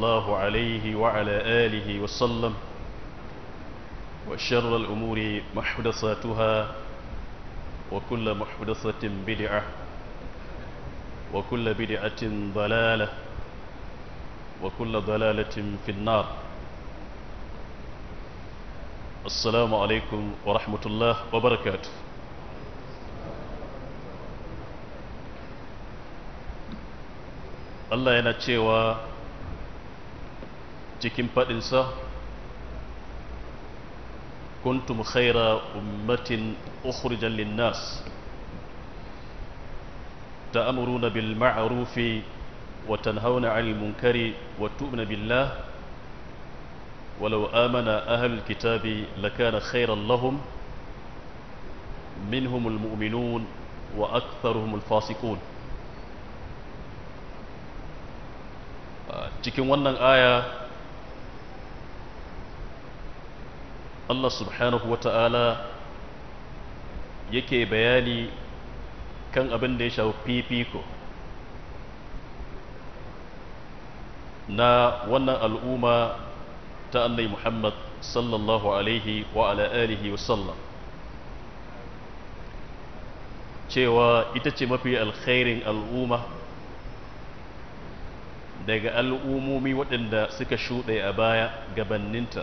الله عليه وعلى آله وسلم وشر الأمور محدثاتها وكل محدثة بدعة وكل بدعة ضلالة وكل ضلالة في النار السلام عليكم ورحمة الله وبركاته Allah yana cewa cikin faɗinsa kuntum khaira ummatin ukhrijan linnas ta'muruna bil ma'rufi wa tanhauna 'anil munkari wa tu'minu billah ولو آمن أهل الكتاب لكان خيرا لهم منهم المؤمنون وأكثرهم الفاسقون cikin wannan aya Allah subhanahu wa ta'ala yake bayani kan abin da ya shafi fifiko na wannan al'umma ta annai Muhammad sallallahu alaihi wa ala'alihi wa sallam cewa ita ce mafi alkhairin al'umma daga al'umomi waɗanda suka shuɗe a baya gabaninta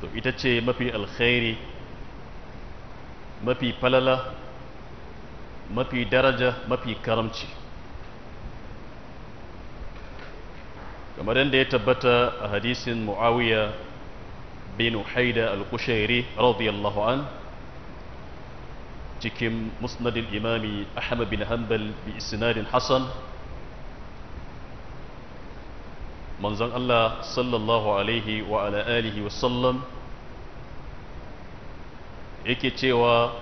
to ita ce mafi alkhairi mafi falala mafi daraja mafi karamci kamar yadda ya tabbata a hadisin muawiya bin haida al-kushairi radiyallahu an cikin musnadin imami ahmad bin hanbal bi isnadin hassan manzon Allah sallallahu alaihi wa ala alihi wa sallam yake cewa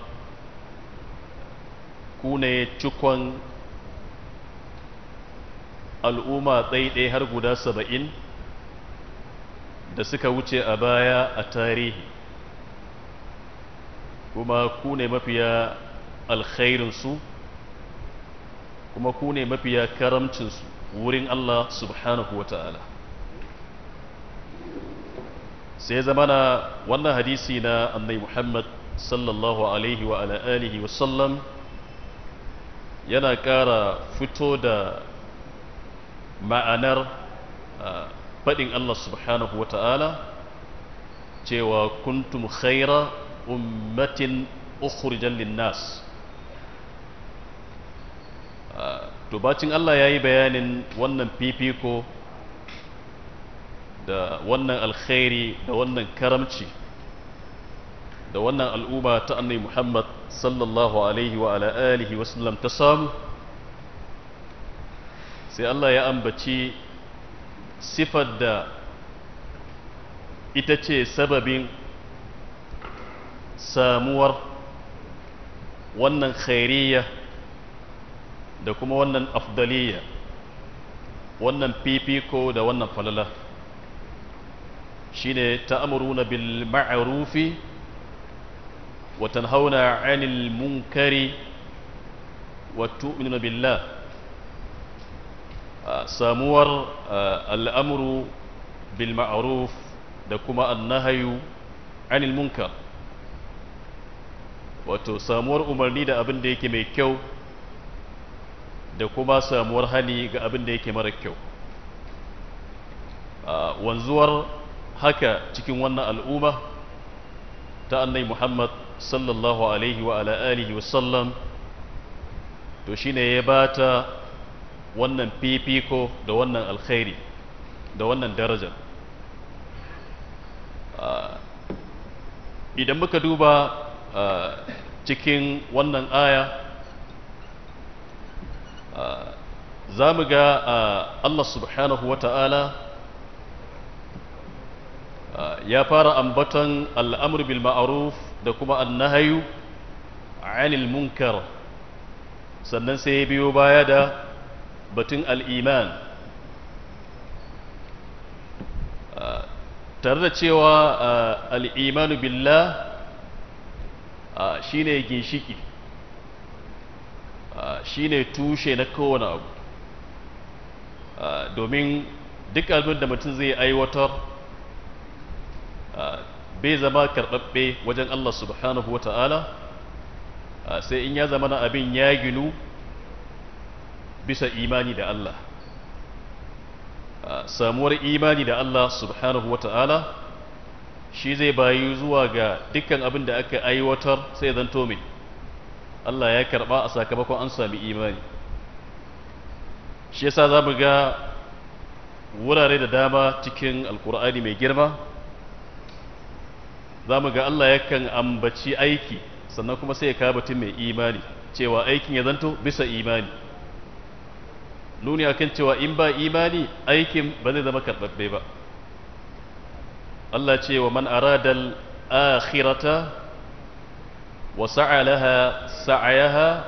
ku ne cikon al'umma ɗaiɗai har guda saba'in da suka wuce a baya a tarihi kuma ku ne mafiya alkhairinsu kuma ku ne mafiya karamcinsu wurin Allah subhanahu wa ta'ala sai zama na wannan hadisi na annai Muhammad sallallahu alaihi wa alihi wa sallam yana ƙara fito da ma'anar faɗin Allah subhanahu wa ta'ala cewa kuntum khaira ummatin ukhrijan lin nas to bacin Allah ya yi bayanin wannan fifiko da wannan alkhairi da wannan karamci da wannan al'umma ta annai Muhammad sallallahu alaihi wa wasallam ta samu sai Allah ya ambaci sifar da ita ce sababin samuwar wannan khairiyya da kuma wannan afdaliya wannan fifiko da wannan falala shine ta amuruna bil ma'rufi watan hauna 'anil munkari wa tu'minuna billah ah, samuwar ah, al'amru bil ma'ruf da kuma annahyu 'anil munkar wato samuwar umarni da abin da yake mai kyau da kuma samuwar hali ga abin da yake mara kyau wanzuwar haka cikin wannan al'umma ta annai muhammad sallallahu alaihi wa alihi wasallam to shine ya bata wannan fifiko da wannan alkhairi da wannan darajar idan muka duba cikin wannan aya za mu ga Allah subhanahu wata'ala ta'ala ya fara ambaton al'amur bil ma'aruf da kuma annahayu anil munkar sannan sai ya biyo baya da batun al'iman tare da cewa al'imanu billah shi ne ginshiki Ah, shi ne tushe na kowane abu ah, domin duk abin da mutum zai aiwatar ah, bai zama karɓaɓɓe wajen Allah subhanahu wa ta'ala sai in ya zama na abin ya ginu bisa imani da Allah samuwar imani da Allah subhanahu wa ta'ala shi zai bayu zuwa ga dukkan abin da aka aiwatar sai zan mai Allah ya karɓa a sakamakon an sami imani shi yasa za mu ga wurare da dama cikin alkur'ani mai girma za mu ga Allah ya kan ambaci aiki sannan kuma sai ya kawo batun mai imani cewa aikin ya zanto bisa imani nuni akan cewa in ba imani aikin ba zai zama karɓaɓɓe ba Allah cewa wa man aradal akhirata وسعى لها سعيها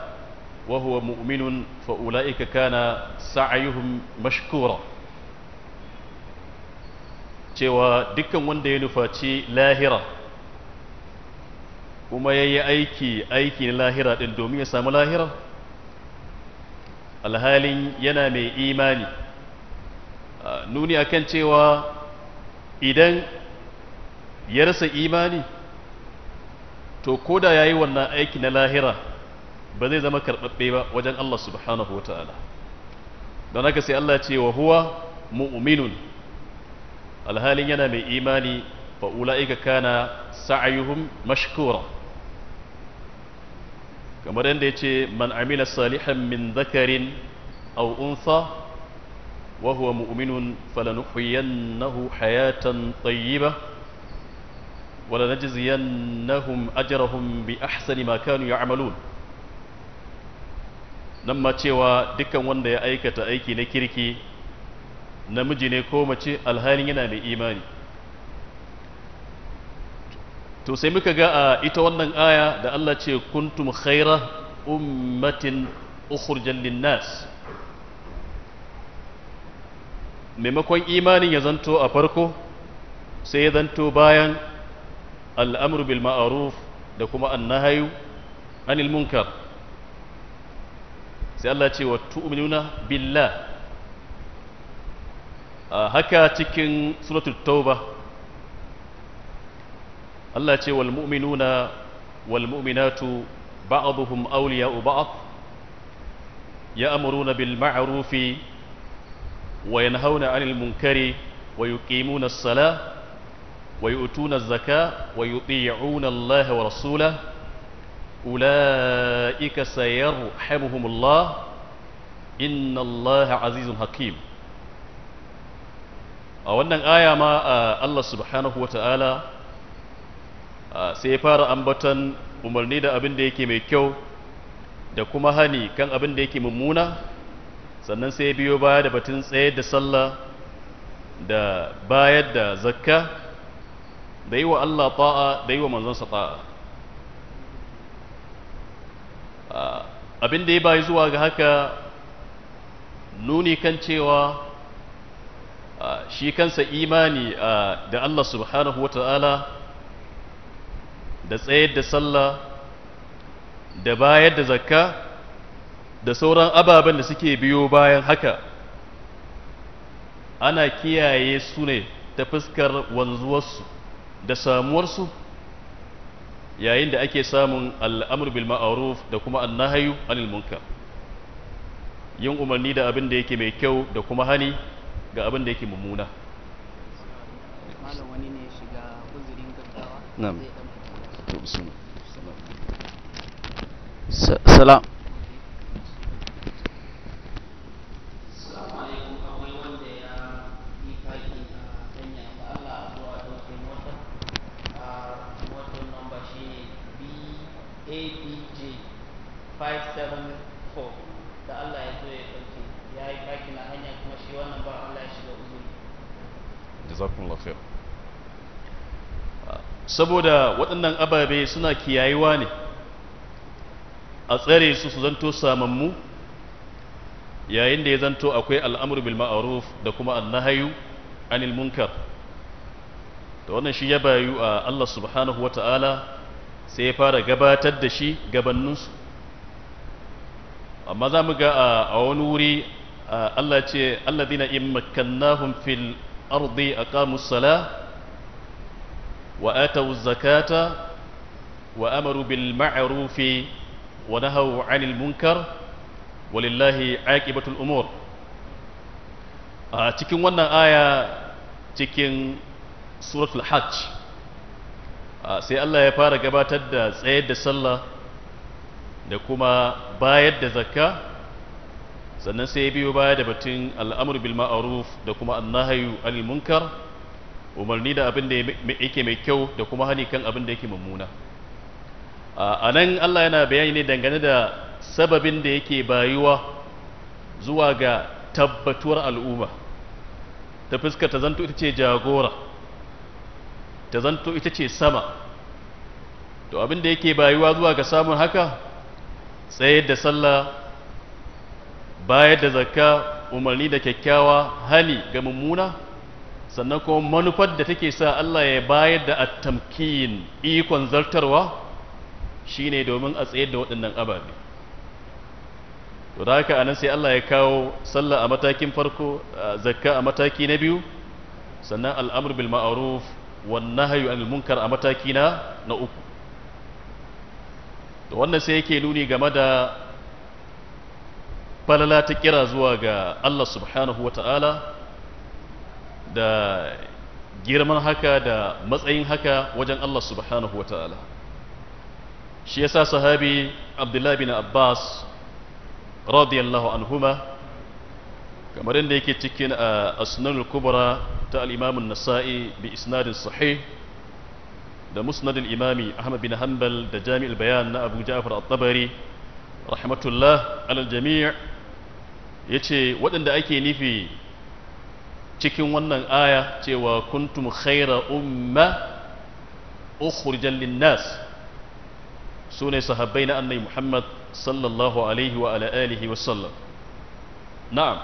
وهو مؤمن فأولئك كان سعيهم مشكورا cewa dukkan wanda ya nufaci lahira kuma ya yi aiki aiki na lahira ɗin domin ya samu lahira alhalin yana mai imani nuni akan cewa idan ya rasa imani to ko da ya yi wannan aiki na lahira ba zai zama karɓaɓɓe ba wajen Allah subhanahu wa ta'ala don haka sai Allah ce wa huwa mu'minun alhalin yana mai imani fa ula'ika kana sa'ayuhum mashkura kamar yadda ya ce man amila salihan min zakarin aw unsa wa huwa mu'minun nahu hayatan ba ولنجزينهم أجرهم بأحسن ما كانوا يعملون nan ma cewa dukkan wanda ya aikata aiki na kirki namiji ne ko mace alhalin yana mai imani to sai muka ga a ita wannan aya da Allah ce kuntum khaira ummatin ukhurjan linnas maimakon imanin ya zanto a farko sai ya zanto bayan al'amru bil ma'aruf da kuma annahayu anil munkar sai Allah ce wa tu'minuna billah haka cikin suratul tauba Allah ce wal mu'minuna wal mu'minatu ba'dhum awliya'u ba'd ya'muruna bil ma'rufi وينهون عن المنكر ويقيمون الصلاه ويؤتون الزكاة ويطيعون الله ورسوله أولئك سيرحمهم الله إن الله عزيز حكيم a wannan aya ma Allah subhanahu wata'ala sai fara ambatan umarni da abin da yake mai kyau da kuma hani kan abin da yake mummuna sannan sai biyo baya da batun tsayar da sallah da bayar da zakka da yi wa Allah ta'a da yi wa manzansa ta'a abin da ya bayi zuwa ga haka nuni kan cewa shi kansa imani da Allah subhanahu wa ta'ala da tsayar da sallah da bayar da zakka da sauran ababen da suke biyo bayan haka ana kiyaye su ne ta fuskar wanzuwarsu da samuwarsu yayin da ake samun al'amur bil ma'aruf da kuma annahayu anil munkar yin umarni da abin da yake mai kyau da kuma hani ga abin da yake mummuna Salam. saboda waɗannan ababe suna kiyayewa ne a tsare su su zanto samammu yayin da ya zanto akwai al'amur bil ma'aruf da kuma annahayu anil munkar da wannan shi ya bayu a Allah subhanahu wa ta'ala sai ya fara gabatar da shi gabaninsu amma za mu ga a wani wuri Allah ce alladina in makannahun fil ardi aqamus salah وآتوا الزكاة وأمروا بالمعروف ونهوا عن المنكر ولله عاقبة الأمور a cikin wannan aya cikin suratul hajj sai Allah ya fara gabatar da tsayar da sallah da kuma bayar da zakka sannan sai ya biyo baya da batun al'amur bil ma'aruf da kuma annahayu anil munkar umarni da abin da yake mai kyau da kuma hani kan abin da yake mummuna a nan Allah yana bayani ne dangane da sababin da yake bayuwa zuwa ga tabbatuwar al'umma ta fuskar ta zanto ita ce jagora ta zanto ita ce sama to abin da yake bayuwa zuwa ga samun haka tsayar da sallah bayar da zakka umarni da kyakkyawa hani ga mummuna sannan kuma manufar da take sa Allah ya bayar da attamkin ikon zartarwa shine domin a tsayar da waɗannan ababe to da haka anan sai Allah ya kawo sallah a matakin farko zakka a mataki na biyu sannan al'amur bil ma'ruf wan nahyu anil munkar a mataki na na uku to wannan sai yake nuni game da falala ta kira zuwa ga Allah subhanahu wa ta'ala da girman haka da matsayin haka wajen Allah subhanahu wa ta'ala shi yasa sahabi abdullahi bin abbas radiyallahu anhuma kamar yadda yake cikin a asnanul kubra ta al'imamun nasa'i bi isnadin sahih da musnadin imami ahmad bin hanbal da jami'ul bayan na abu ja'far al-tabari rahmatullah alal jami' ya ce waɗanda ake nufi cikin wannan aya cewa kuntum khaira umma ukhrijal linnas sune sahabbai na annabi Muhammad sallallahu alaihi wa ala alihi wa sallam na'am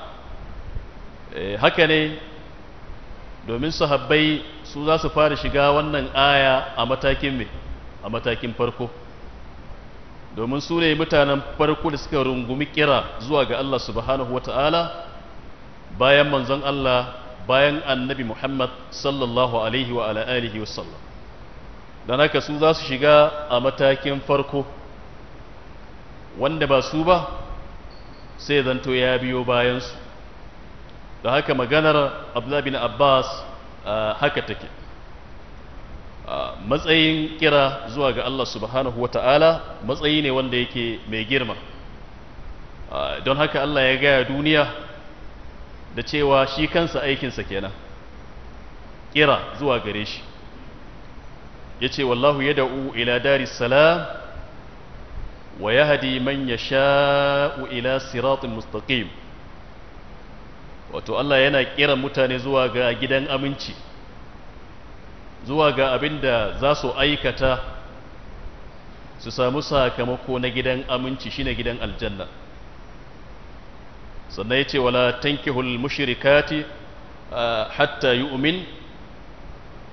eh, haka ne domin sahabbai su za su fara shiga wannan aya a matakin me a matakin farko domin su ne mutanen farko da suka rungumi kira zuwa ga Allah subhanahu wa ta'ala bayan manzon Allah bayan annabi Muhammad sallallahu alaihi wa ala alihi sallam don haka su za su shiga a matakin farko wanda ba su ba sai zanto ya biyo bayansu da haka maganar abdullahi bin abbas haka take matsayin kira zuwa ga allah subhanahu wa ta'ala matsayi ne wanda yake mai girma don haka allah ya gaya duniya da cewa shi kansa aikinsa kenan kira zuwa gare shi ya ce wallahu ya da'u ila dari salam wa ya hadi man ya sha'u ila siratun mustaqim wato Allah yana kira mutane zuwa ga gidan aminci zuwa ga abin da za su aikata su samu sakamako na gidan aminci shine gidan aljanna sannan yace wala tankihul mushrikati hatta yu'min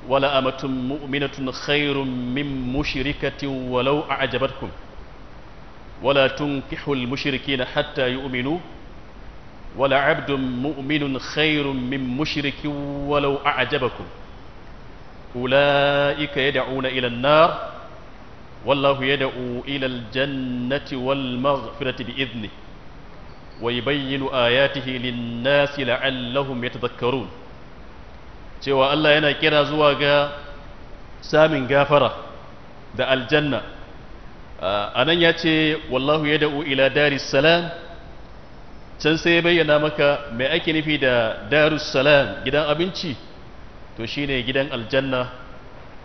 wala amatun mu'minatun khairum min mushrikatin walau a'jabatkum wala tunkihul mushrikina hatta yu'minu wala abdun mu'minun khairum min mushrikin walau a'jabakum ulaika yad'una ila an-nar wallahu yad'u ila al-jannati wal maghfirati bi idnihi ويبين آياته للناس لعلهم يتذكرون cewa Allah yana kira zuwa ga samin gafara da aljanna a ah, nan ya ce wallahu ya da'u ila daris can sai ya bayyana maka mai ake nufi da darus salam gidan abinci to shine gidan aljanna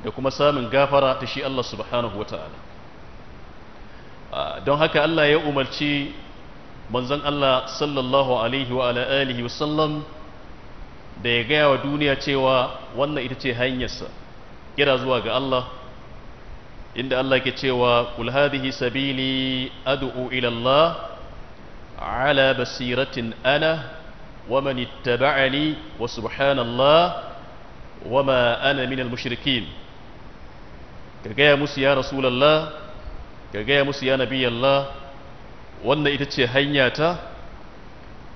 da kuma samun gafara ta shi Allah subhanahu wa ta'ala ah, don haka Allah ya umarci manzon Allah sallallahu alaihi wa ala alihi wa sallam da ya gaya wa duniya cewa wannan ita ce hanyarsa kira zuwa ga Allah inda Allah ke cewa kul hadhihi sabili ad'u ila Allah ala basiratin ana wa man ittaba'ani wa subhanallah wa ma ana minal mushrikin ka gaya musu ya rasulullah ka gaya musu ya nabiyallah wannan ita ce hanya ta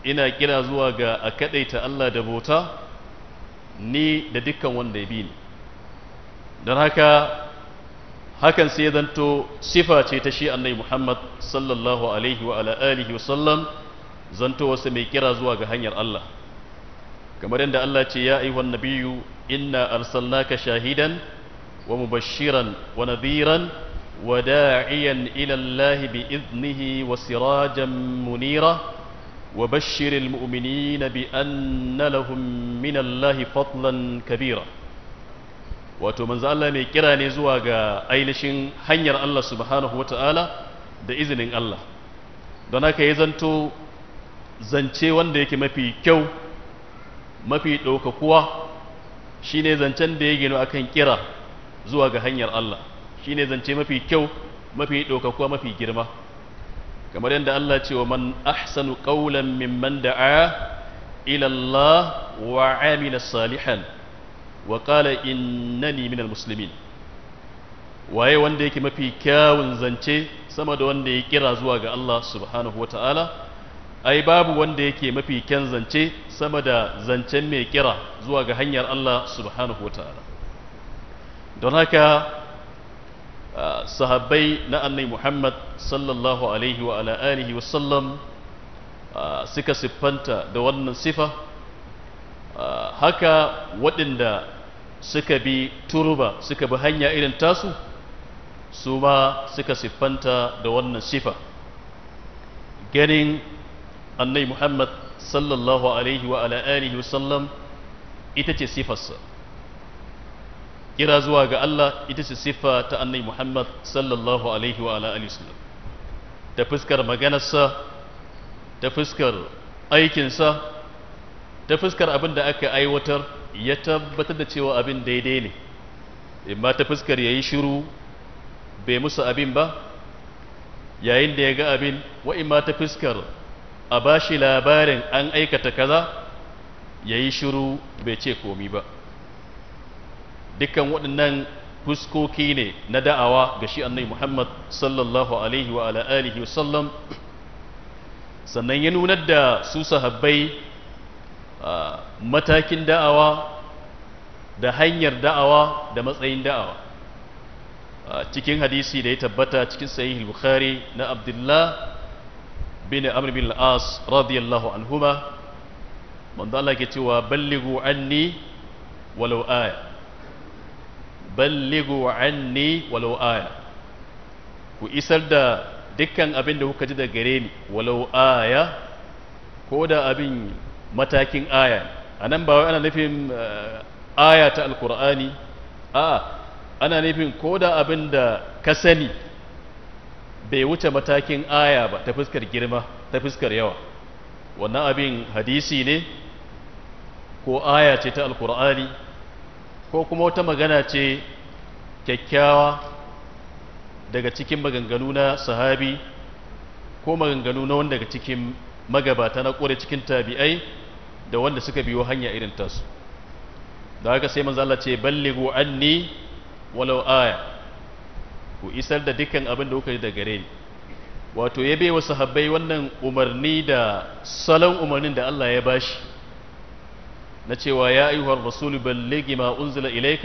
ina kira zuwa ga a kaɗaita Allah da bota ni da dukkan wanda ya bi ni don haka hakan sai ya zanto sifa ce ta shi annai Muhammad sallallahu alaihi wa ala alihi wa sallam zanto wasu mai kira zuwa ga hanyar Allah kamar yadda Allah ce ya ayyuhan nabiyu inna arsalnaka shahidan wa mubashiran wa nadhiran وداعيا إلى الله بإذنه وسراجا منيرا وبشر المؤمنين بأن لهم من الله فضلا كبيرا wato manzo Allah mai kira ne zuwa ga ainihin hanyar Allah subhanahu wa ta'ala da izinin Allah don haka ya zanto zance wanda yake mafi kyau mafi ɗaukakuwa shine zancen da ya gino akan kira zuwa ga hanyar Allah shine zance mafi kyau mafi ɗaukakuwa mafi girma kamar yadda Allah ce wa man ahsanu qawlan mimman da'a ila Allah wa amila salihan wa qala innani minal muslimin waye wanda yake mafi kyawun zance sama da wanda ya kira zuwa ga Allah subhanahu wata'ala ai babu wanda yake mafi kyan zance sama da zancen mai kira zuwa ga hanyar Allah subhanahu wata'ala don haka sahabbai na annai muhammad sallallahu alaihi wa ala alihi wasallam ah, suka siffanta da wannan sifa ah, haka waɗanda suka bi turba suka bi hanya irin tasu su ma suka siffanta da wannan sifa ganin annai muhammad sallallahu alaihi wa ala alihi wasallam ita ce sifarsa kira zuwa ga Allah ita ce siffa ta annabi Muhammad sallallahu alaihi wa alihi ta fuskar maganarsa ta fuskar aikinsa ta fuskar abin da aka aiwatar ya tabbatar da cewa abin daidai ne imma ta fuskar yayi shiru bai musu abin ba yayin da ya ga abin wa imma ta fuskar a bashi labarin an aikata kaza yayi shiru bai ce komi ba dukkan waɗannan fuskoki ne na da'awa ga shi annabi Muhammad sallallahu alaihi wa ala alihi sallam sannan ya nunar da su sahabbai matakin da'awa da hanyar da'awa da matsayin da'awa cikin hadisi da ya tabbata cikin sahih bukhari na abdullah bin amr bin al radiyallahu anhuma manzo Allah ke cewa ballighu anni walau aya ballighu anni walau aya ku isar da dukkan abin da kuka ji da gare ni walau aya ko da abin matakin aya a nan ba wai ana nufin eh, aya ta alkur'ani a ana nufin ko da abin da ka sani bai wuce matakin aya ba ta fuskar girma ta fuskar yawa wannan abin hadisi ne ko aya ce ta alkur'ani ko kuma wata magana ce kyakkyawa daga cikin maganganu na sahabi ko maganganu na wanda daga cikin magabata na kore cikin tabi'ai da wanda suka biyo hanya irin tasu da haka sai manzo Allah ce ballighu anni walau aya ku isar da dukkan abin da kuka da gare ni wato ya bai wa sahabbai wannan umarni da salon umarnin da Allah ya bashi نتشوى يا أيها الرسول بلغ ما أنزل إليك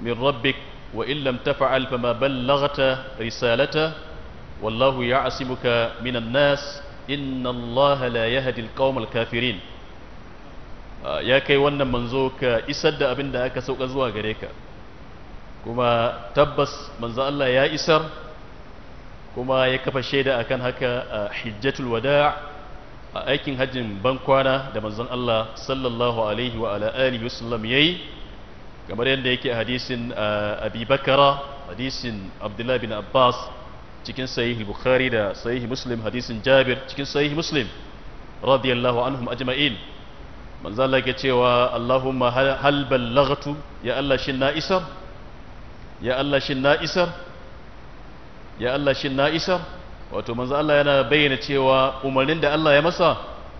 من ربك وإن لم تفعل فما بلغت رسالته والله يعصمك من الناس إن الله لا يهدي القوم الكافرين آه، يا كي ون منزوك إسد أبن داك سوق غريك كما تبس منزا الله يا إسر كما يكفى الشيدة أكان هكا آه، حجة الوداع a aikin hajjin bankwana da manzon Allah sallallahu alaihi wa ala alihi wasallam yayi kamar yadda yake a hadisin uh, Abi Bakara hadisin Abdullah bin Abbas cikin sahihi Bukhari da sahihi Muslim hadisin Jabir cikin sahihi Muslim radiyallahu anhum ajma'in manzo Allah yake cewa Allahumma hal ballaghtu ya Allah shin na isar ya Allah shin na isar ya Allah shin na isar wato manzo Allah yana bayyana cewa umarnin da Allah ya masa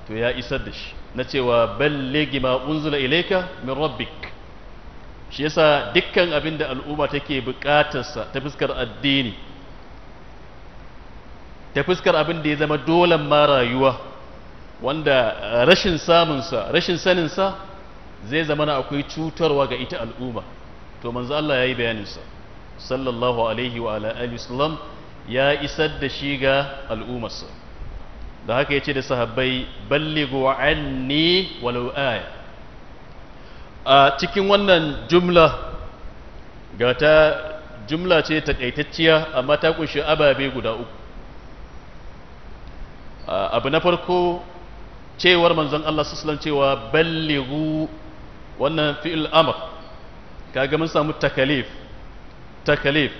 to ya isar da shi na cewa balligi ma unzila ilaika min rabbik shi yasa dukkan abin da al'umma take sa ta fuskar addini ta fuskar abin da ya zama dole ma rayuwa wanda rashin samun sa rashin sanin sa zai zama na akwai cutarwa ga ita al'umma to manzo Allah ya yi sa sallallahu alaihi wa ala alihi wasallam ya isar da shi ga al'ummarsa da haka ya ce da sahabbai ballighu anni walau aya a cikin wannan jumla ga ta jumla ce takaitacciya amma ta kunshi ababe guda uku abu na farko cewar manzon Allah sassalan cewa ballighu wannan fi'il amr kaga mun samu takalif takalif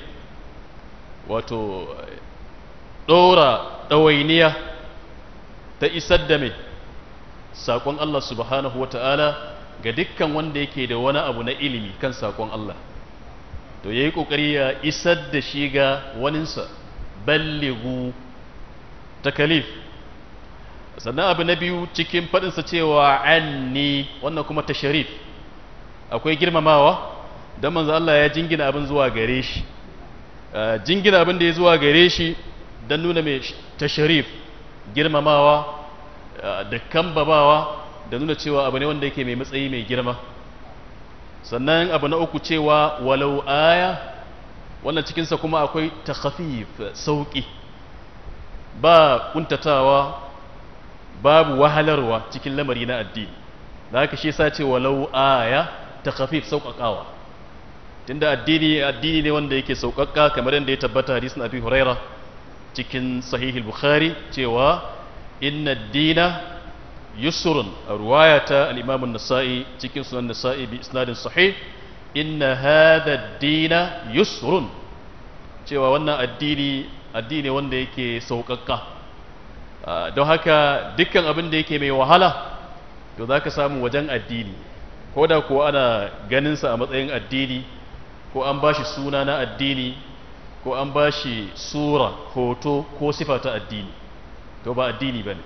wato ɗora ɗawainiya ta isar da mai saƙon Allah subhanahu wa ta'ala ga dukkan wanda yake da wani abu na ilimi kan saƙon Allah to ya yi ƙoƙari ya isar da shi ga waninsa balligu takalif sannan abu na biyu cikin faɗinsa cewa anni wannan kuma ta Sharif akwai girmamawa don manzo Allah ya jingina abin zuwa gare shi Eh, jingina abin da ya zuwa gare shi don nuna mai tasharif girmamawa eh, da kambabawa da nuna cewa abu ne wanda yake mai matsayi mai girma sannan abu na uku cewa walau aya wannan cikinsa kuma akwai takhafif sauƙi ba kuntatawa babu wahalarwa cikin lamari na addini da haka shi sa ce walau aya takhafif sauƙaƙawa tunda addini addini ne wanda yake saukakka kamar yadda ya tabbata hadisin abi huraira cikin sahihul bukhari cewa inna dina yusrun a ruwayata al-imam an-nasa'i cikin sunan nasa'i bi isnadin sahih inna hadha dina yusrun cewa wannan addini addini wanda yake saukakka don haka dukkan abin da yake mai wahala to zaka samu wajen addini ko da ko ana ganin sa a matsayin addini ko an bashi suna na addini ko an bashi sura hoto ko sifa ta addini to ba addini bane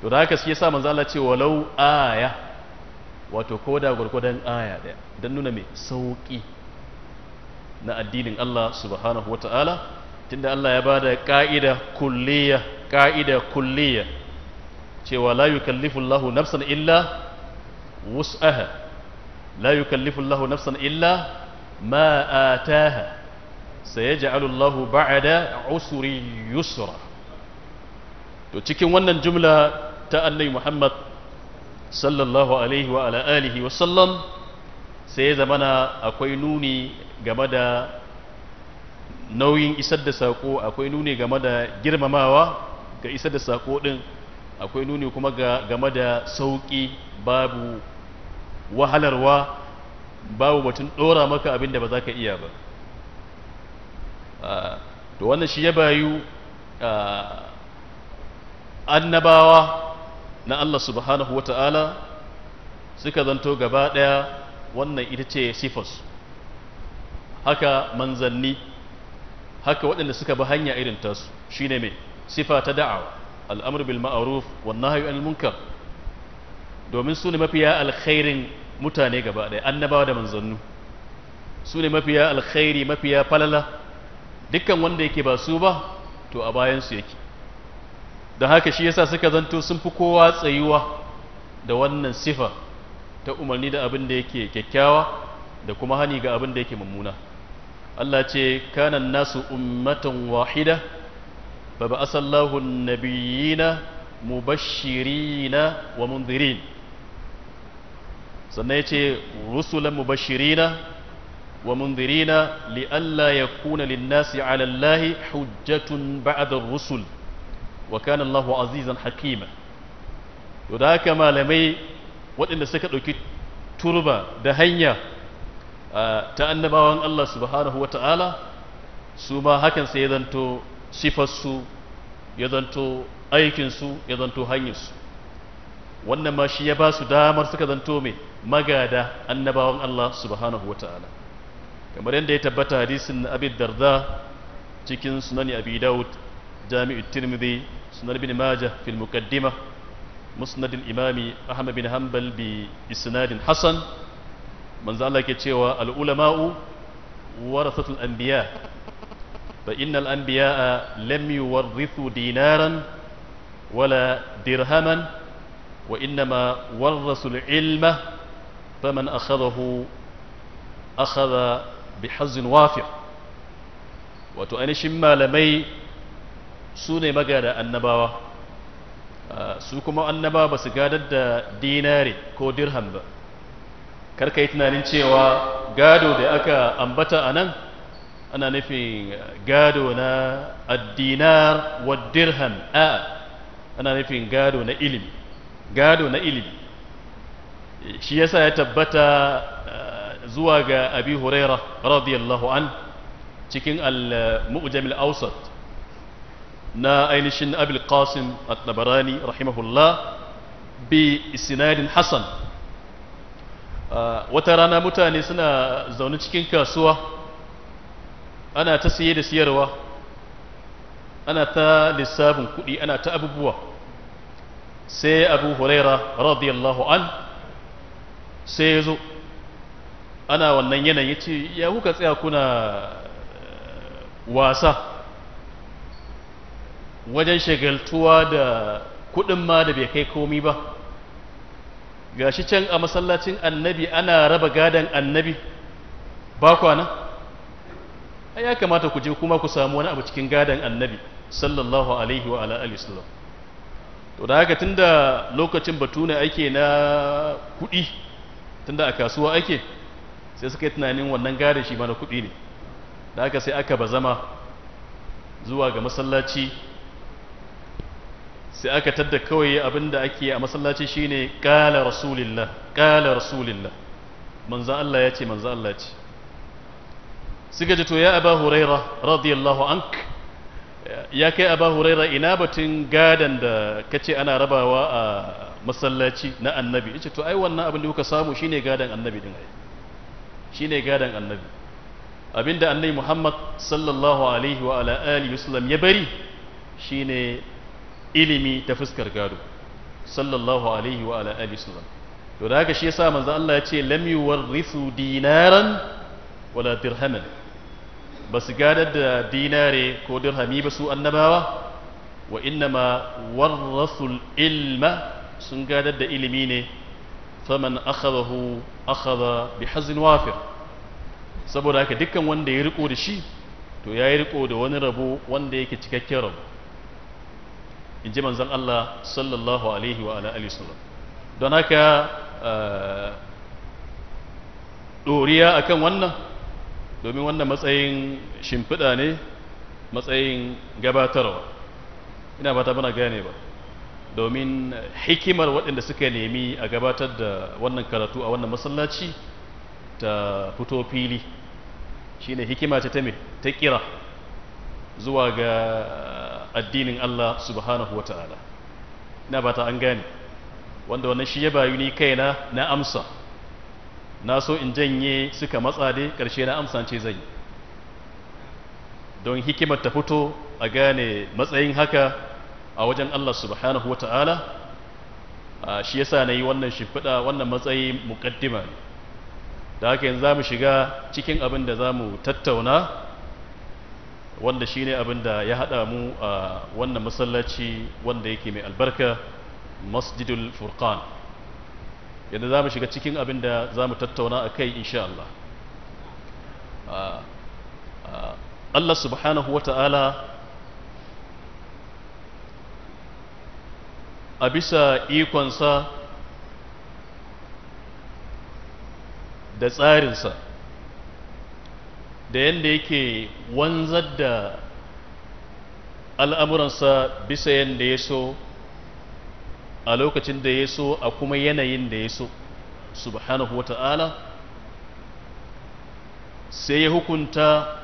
to da haka siya yasa manzo Allah ce walau aya wato koda gurgudan aya daya dan nuna mai sauki na addinin Allah subhanahu wataala tunda Allah ya bada ka'ida kulliya ka'ida kulliya cewa la yukallifu Allahu nafsan illa wus'aha la yukallifu Allahu nafsan illa ما آتاها سيجعل الله بعد عسر يسرا to cikin wannan jumla ta annabi Muhammad sallallahu alaihi wa ala alihi wa sallam sai zamana akwai nuni game da nauyin isar da sako akwai nuni game da girmamawa ga isar da sako din akwai nuni kuma game da sauki babu wahalarwa babu batun ɗora maka abin da ba za ka iya ba ah, to wannan shi ya bayu ah, annabawa na Allah subhanahu wa ta'ala suka zanto gaba ɗaya wannan ita ce sifas haka manzanni haka waɗanda suka bi hanya irin tasu shine mai sifa ta da'awa al'amur bil ma'aruf wannan hayu munkar domin su ne mafiya alkhairin mutane gaba ɗaya annabawa da manzannu su ne mafiya alkhairi mafiya falala dukkan wanda yake ba su ba to a bayansu yake don haka shi yasa suka zanto sun fi kowa tsayuwa da wannan sifa ta umarni da abin da yake kyakkyawa da kuma hani ga abin da yake mummuna Allah ce kanan nasu ummatan wahida ba ba asallahu nabiyina mubashirina wa mundirin sannan ya ce rusulan mubashirina wa mundirina li'alla ya kuna linnasi alallahi hujjatun ba'adar rusul wa kana Allahu azizan hakima to da haka malamai waɗanda suka ɗauki turba da hanya ta annabawan Allah subhanahu wa ta'ala su ma hakan sai ya zanto sifarsu ya zanto aikinsu ya zanto hanyarsu wannan ma shi ya ba su damar suka zanto mai magada annabawan Allah subhanahu wata'ala kamar yadda ya tabbata hadisin Abi darda cikin sunan abi daud jami'u tirmidhi sunan Ibn majah fil Muqaddimah musnad al-Imam ahmad bin hanbal bi isnadin hasan manzo Allah ke cewa al ulama'u warathatul anbiya fa innal anbiya'a lam yuwarrithu dinaran wala dirhaman وإنما ورثوا العلم فمن أخذه أخذ بحظ وافع وتؤنشم ما لمي سوني مقادة النباوة su kuma annaba ba su gadar da dinari ko dirham ba kar ka yi tunanin cewa gado da aka ambata a nan ana nufin gado addinar wa dirham a ana nufin gado na ilimi gado na ilimi shi yasa ya tabbata eh, zuwa ga abi huraira radiyallahu an cikin al-mu'jamil awsat na ainihin abul qasim at-tabarani rahimahullah bi isnadin hasan eh, wata rana mutane suna zaune cikin kasuwa ana ta siye da siyarwa ana ta lissafin kuɗi ana ta abubuwa sai abu huraira radiyallahu an sai ya zo ana wannan yanayi ya ce ya kuka tsaya kuna eh, wasa wajen shagaltuwa da kudin ma da bai kai komi ba Ga shi can a masallacin annabi ana raba gadon annabi ba kwana ya kamata ku je kuma ku samu wani abu cikin gadon annabi sallallahu alaihi wa ala to da haka tun da lokacin batu ne ake na kudi tunda a kasuwa ake sai suka yi tunanin wannan gare shi mana kuɗi ne da aka sai aka ba zama zuwa ga masallaci sai aka tadda kawai abinda ake a masallaci shine qala rasulillah qala rasulillah manzo Allah ya ce manzo Allah ce suka ji ya aba huraira radiyallahu anka ya kai aba huraira ina batun gadon da kace ana rabawa a masallaci na annabi yace to ai wannan abin da kuka samu shine gadon annabi din ai shine gadan annabi abinda annabi Muhammad sallallahu alaihi wa ala alihi wasallam ya bari shine ilimi ta fuskar gado sallallahu alaihi wa ala alihi wasallam to da haka shi yasa manzo Allah ya ce lam yuwarrisu dinaran wala dirhaman ba su gadar da dinare ko dirhami ba su annabawa wa innama warrasul ilma sun gadar da ilimi ne faman akhadahu akhadha bi hazin wafir saboda haka dukkan wanda ya riko da shi to ya yi riko da wani rabo wanda yake cikakken rabo in ji manzan Allah sallallahu alaihi wa ala alihi sallam don haka doriya eh, akan wannan domin wannan matsayin shimfiɗa ne matsayin gabatarwa ina ba ta bana gane ba domin hikimar waɗanda suka nemi a gabatar da wannan karatu a wannan masallaci ta fito fili shine hikima ta tame ta kira zuwa ga addinin Allah subhanahu wa ta'ala ina ba ta an gane wanda wannan shi ya bayu ni kaina na amsa na so in janye suka matsa dai ƙarshe na amsa ce zai don hikimar ta fito a gane matsayin haka a wajen Allah subhanahu wa ta'ala shi yasa na yi wannan shimfiɗa wannan matsayi muƙaddima da haka yanzu za mu shiga cikin abin da za mu tattauna wanda shi ne abin da ya haɗa mu a wannan masallaci wanda yake mai albarka masjidul furqan yadda za mu shiga cikin abin da za mu tattauna a kai insha Allah Allah subhanahu wa ta'ala a bisa ikonsa da tsarinsa da yadda yake wanzar da al'amuransa bisa yadda ya so a lokacin da ya so a kuma yanayin da ya so subhanahu wa ta'ala sai ya hukunta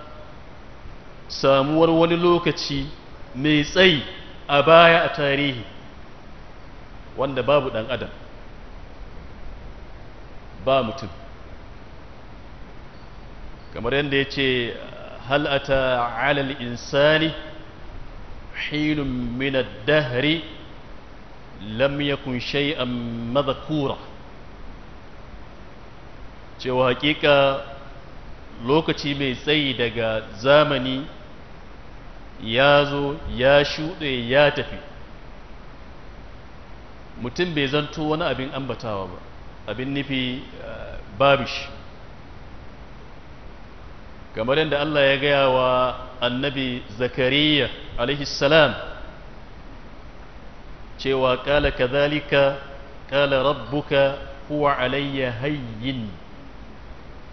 samuwar wani lokaci mai tsayi a baya a tarihi wanda babu ɗan adam ba mutum kamar yadda ya ce hal'ata alal insani hilun mina dahri lam yakun shay'an madhkura cewa hakika lokaci mai tsayi daga zamani ya zo ya shuɗe ya tafi mutum bai zanto wani abin ambatawa ba abin nufi babish kamar yadda Allah ya gaya wa annabi zakariya alaihi salam cewa kala kadhalika kala rabbuka huwa alayya hayyin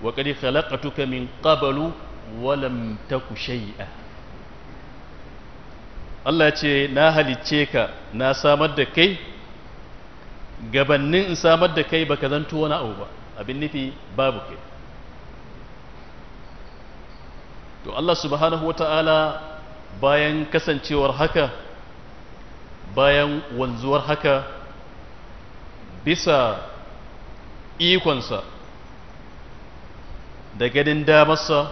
wa qad khalaqtuka min qablu wa lam taku shay'a Allah ce na halicce ka na samar da kai gabannin in samar da kai baka zanto wani abu ba abin nufi babu kai to Allah subhanahu wa bayan kasancewar haka bayan wanzuwar haka bisa ikonsa da ganin damarsa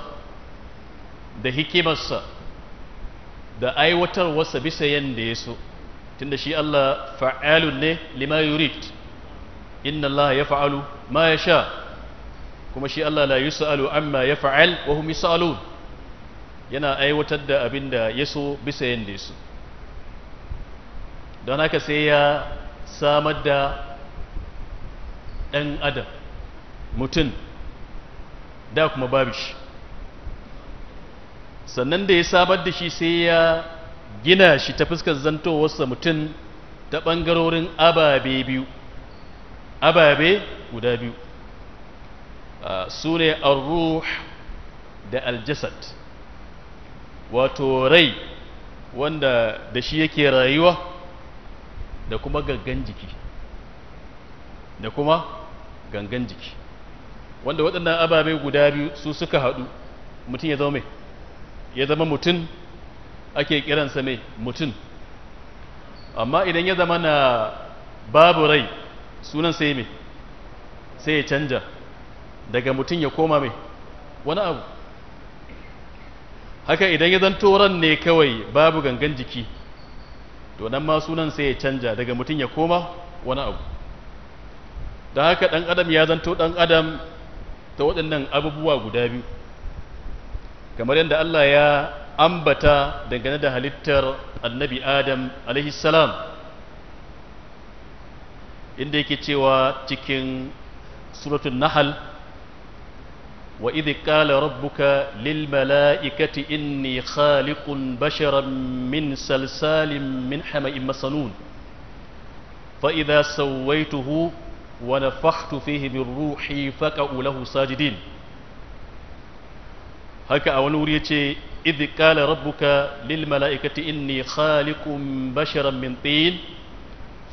da hikimarsa da aiwatarwarsa bisa yadda ya so tunda shi Allah fa'alun ne lima yurid inna Allah ya fa'alu ma ya sha kuma shi Allah la sa'alu amma ya fa'al wa hum sa'alu yana aiwatar da abin da ya so bisa yadda ya so don haka sai ya samar da ɗan adam mutum da kuma babu shi sannan da ya samar da shi sai ya gina shi ta fuskar zantowarsa mutum ta ɓangarorin ababe biyu ababe guda biyu su ne ruh da aljasad wato rai wanda da shi yake rayuwa da kuma gangan jiki da kuma gangan jiki wanda waɗannan ababe guda biyu su suka haɗu mutum ya zama mai ya zama mutum ake kiransa mai mutum amma idan ya zama na babu rai sunan sai mai sai ya canja daga mutum ya koma mai wani abu haka idan ya zanto ran ne kawai babu gangan jiki to nan ma sunan sai ya canja daga mutum ya koma wani abu da haka dan adam ya zanto dan adam ta waɗannan abubuwa guda biyu kamar yadda Allah ya ambata dangane da halittar annabi adam salam inda yake cewa cikin suratun nahal وإذ قال ربك للملائكة إني خالق بشرا من سلسال من حمأ مسنون فإذا سويته ونفخت فيه من روحي فقعوا له ساجدين هكا أولور يتي إذ قال ربك للملائكة إني خالق بشرا من طين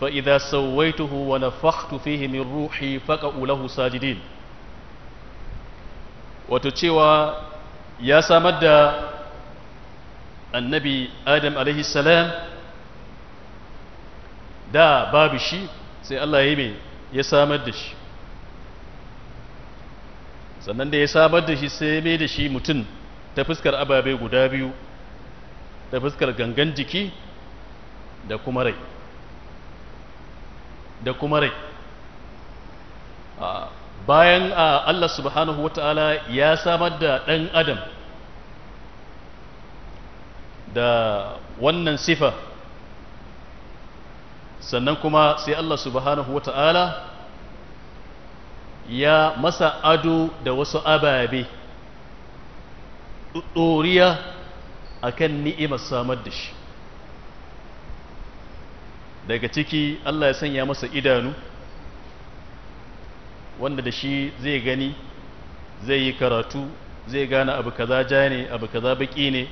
فإذا سويته ونفخت فيه من روحي فقعوا له ساجدين wato cewa ya samar da annabi adam alaihi salam da babu shi sai Allah ya yi mai ya samar da shi sannan da ya samar da shi sai mai da shi mutum ta fuskar ababe guda biyu ta fuskar gangan jiki da kuma rai da kuma rai ah, bayan a ah, Allah subhanahu ta'ala ya samar da ɗan adam da wannan sifa sannan kuma sai Allah subhanahu ta'ala ya masa ado da wasu ababe ɗoriya a kan ni'imar samar da shi daga ciki Allah ya sanya masa idanu wanda da shi zai gani zai yi karatu zai gane abu kaza ja ne abu kaza baki ne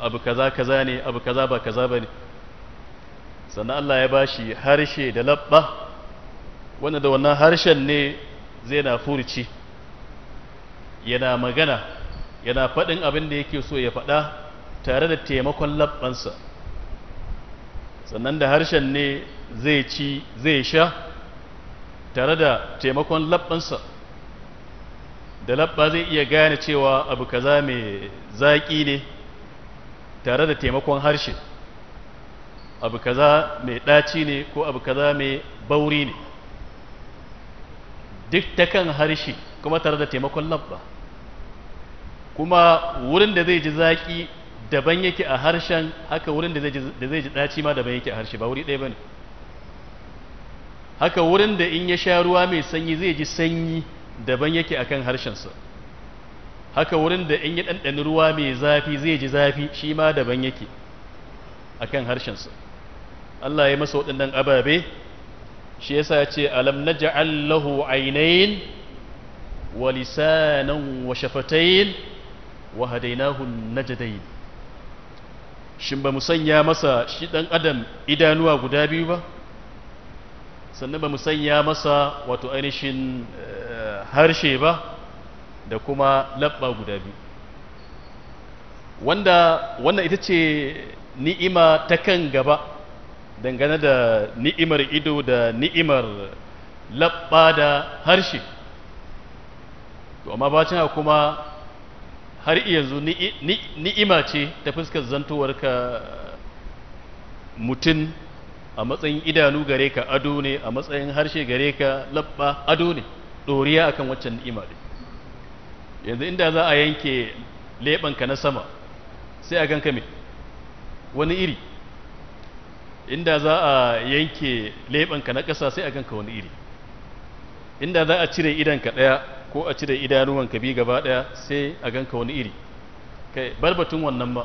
abu kaza kaza ne abu kaza ba kaza ba ne sannan Allah ya bashi harshe da labba wanda da wannan harshen ne zai na furci yana magana yana faɗin abin da yake so ya faɗa tare da taimakon labbansa sannan da harshen ne zai ci zai sha tare da taimakon labbansa da labba zai iya gane cewa abu kaza mai zaƙi ne tare da taimakon harshe abu kaza mai ɗaci ne ko abu kaza mai bauri ne duk ta kan harshe kuma tare da taimakon labba kuma wurin da zai ji zaƙi daban yake a harshen haka wurin da zai ji ɗaci ma daban yake a harshe ba wuri ɗaya ba ne haka wurin da in ya sha ruwa mai sanyi zai ji sanyi daban yake akan harshensa haka wurin da in ya ɗanɗani ruwa mai zafi zai ji zafi shi ma daban yake akan harshensa Allah ya masa waɗannan ababe shi yasa ce alam na lahu ainihin wa lisanan wa shafatayin wa hadaynahu najdayn shin ba mu sanya masa shi dan adam idanuwa guda biyu ba sannan ba mu sanya masa wato ainihin eh, harshe ba da kuma labba guda biyu wanda wannan ita ce ni'ima ta kan gaba dangane da ni'imar ido da ni'imar labba da harshe to amma bacin kuma har yanzu ni'ima ce ta fuskar zantowarka mutum a matsayin idanu gare ka ado ne a matsayin harshe gare ka labba ado ne doriya akan waccan ni'ima din yanzu inda za a yanke ka na sama sai a ganka me wani iri inda za a yanke ka na ƙasa sai a ganka wani iri inda za a cire ka ɗaya ko a cire ka bi gaba ɗaya sai a ganka wani iri kai barbatun wannan ba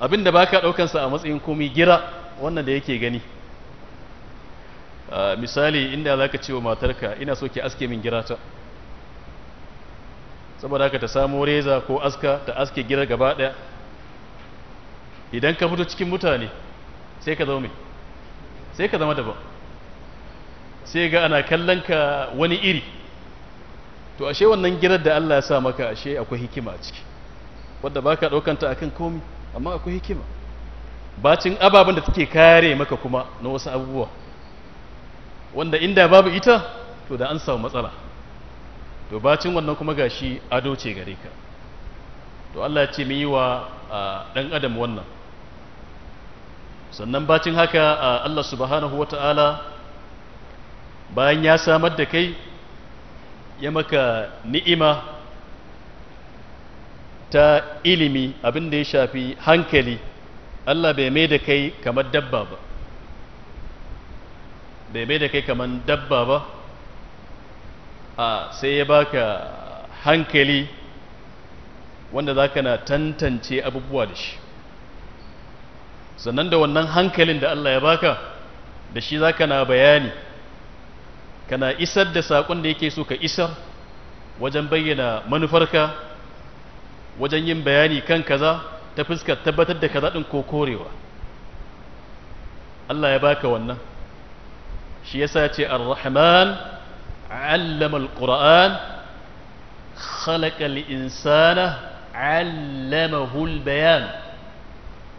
abinda baka daukan ɗaukansa a matsayin komai gira wannan da yake gani ah, misali inda za ka ce wa matarka ina so ki aske min girata saboda haka ta samo reza ko aska ta aske gira gaba ɗaya idan ka fito cikin mutane sai ka zaume sai ka zama daban sai ga ana kallon ka wani iri to ashe wannan girar da Allah ya sa maka ashe akwai hikima a ciki wadda ba ka ɗaukanta a kan komi amma akwai hikima bacin ababen da take kare maka kuma na wasu abubuwa wanda inda babu ita to da an samu matsala to bacin wannan kuma gashi ado ce gare ka to Allah ce mu yi wa dan adam wannan sannan bacin haka Allah subhanahu wata'ala bayan ya samar da kai ya maka ni'ima ta ilimi abin da ya shafi hankali Allah bai mai da kai kamar dabba ba bai mai da kai kamar dabba ba a sai ya baka hankali wanda za ka na tantance abubuwa da shi sannan da wannan hankalin da Allah ya baka da shi za ka na bayani ka na isar da saƙon da yake so ka isar wajen bayyana manufarka wajen yin bayani kan kaza ta fuskar tabbatar da kaza din ko korewa Allah ya baka wannan shi yasa ya ce ar-rahman 'allama al-qur'an khalaqa al-insana 'allamahu al-bayan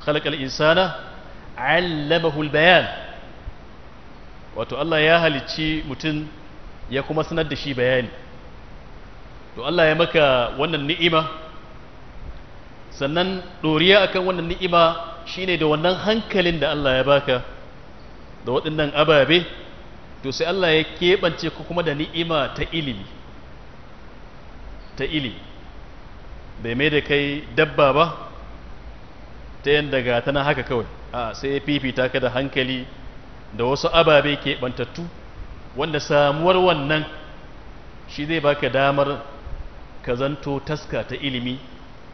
khalaqa al-insana 'allamahu al-bayan wato Allah ya halicci mutum ya kuma sanar da shi bayani to Allah ya maka wannan ni'ima sannan ɗoriya akan wannan ni'ima shine da wannan hankalin da Allah ya baka da waɗannan ababe to sai Allah ya keɓance ku kuma da ni'ima ta ilimi ta ilimi bai mai da kai dabba ba ta yin daga tana haka kawai a sai ya fifita ka da hankali da wasu ababe keɓantattu wanda samuwar wannan shi zai baka damar ka zanto taska ta ilimi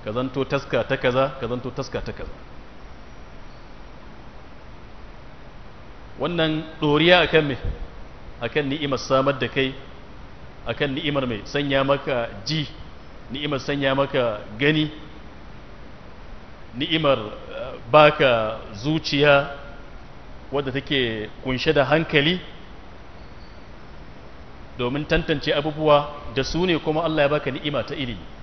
ka zanto taska ta kaza ka zanto taska ta kaza wannan ɗoriya akan me akan ni'imar samar da kai akan ni'imar mai sanya maka ji ni'imar sanya maka gani ni'imar eh, baka zuciya wadda take kunshe da hankali domin tantance abubuwa da su ne kuma Allah ya baka ni'ima ta ilimi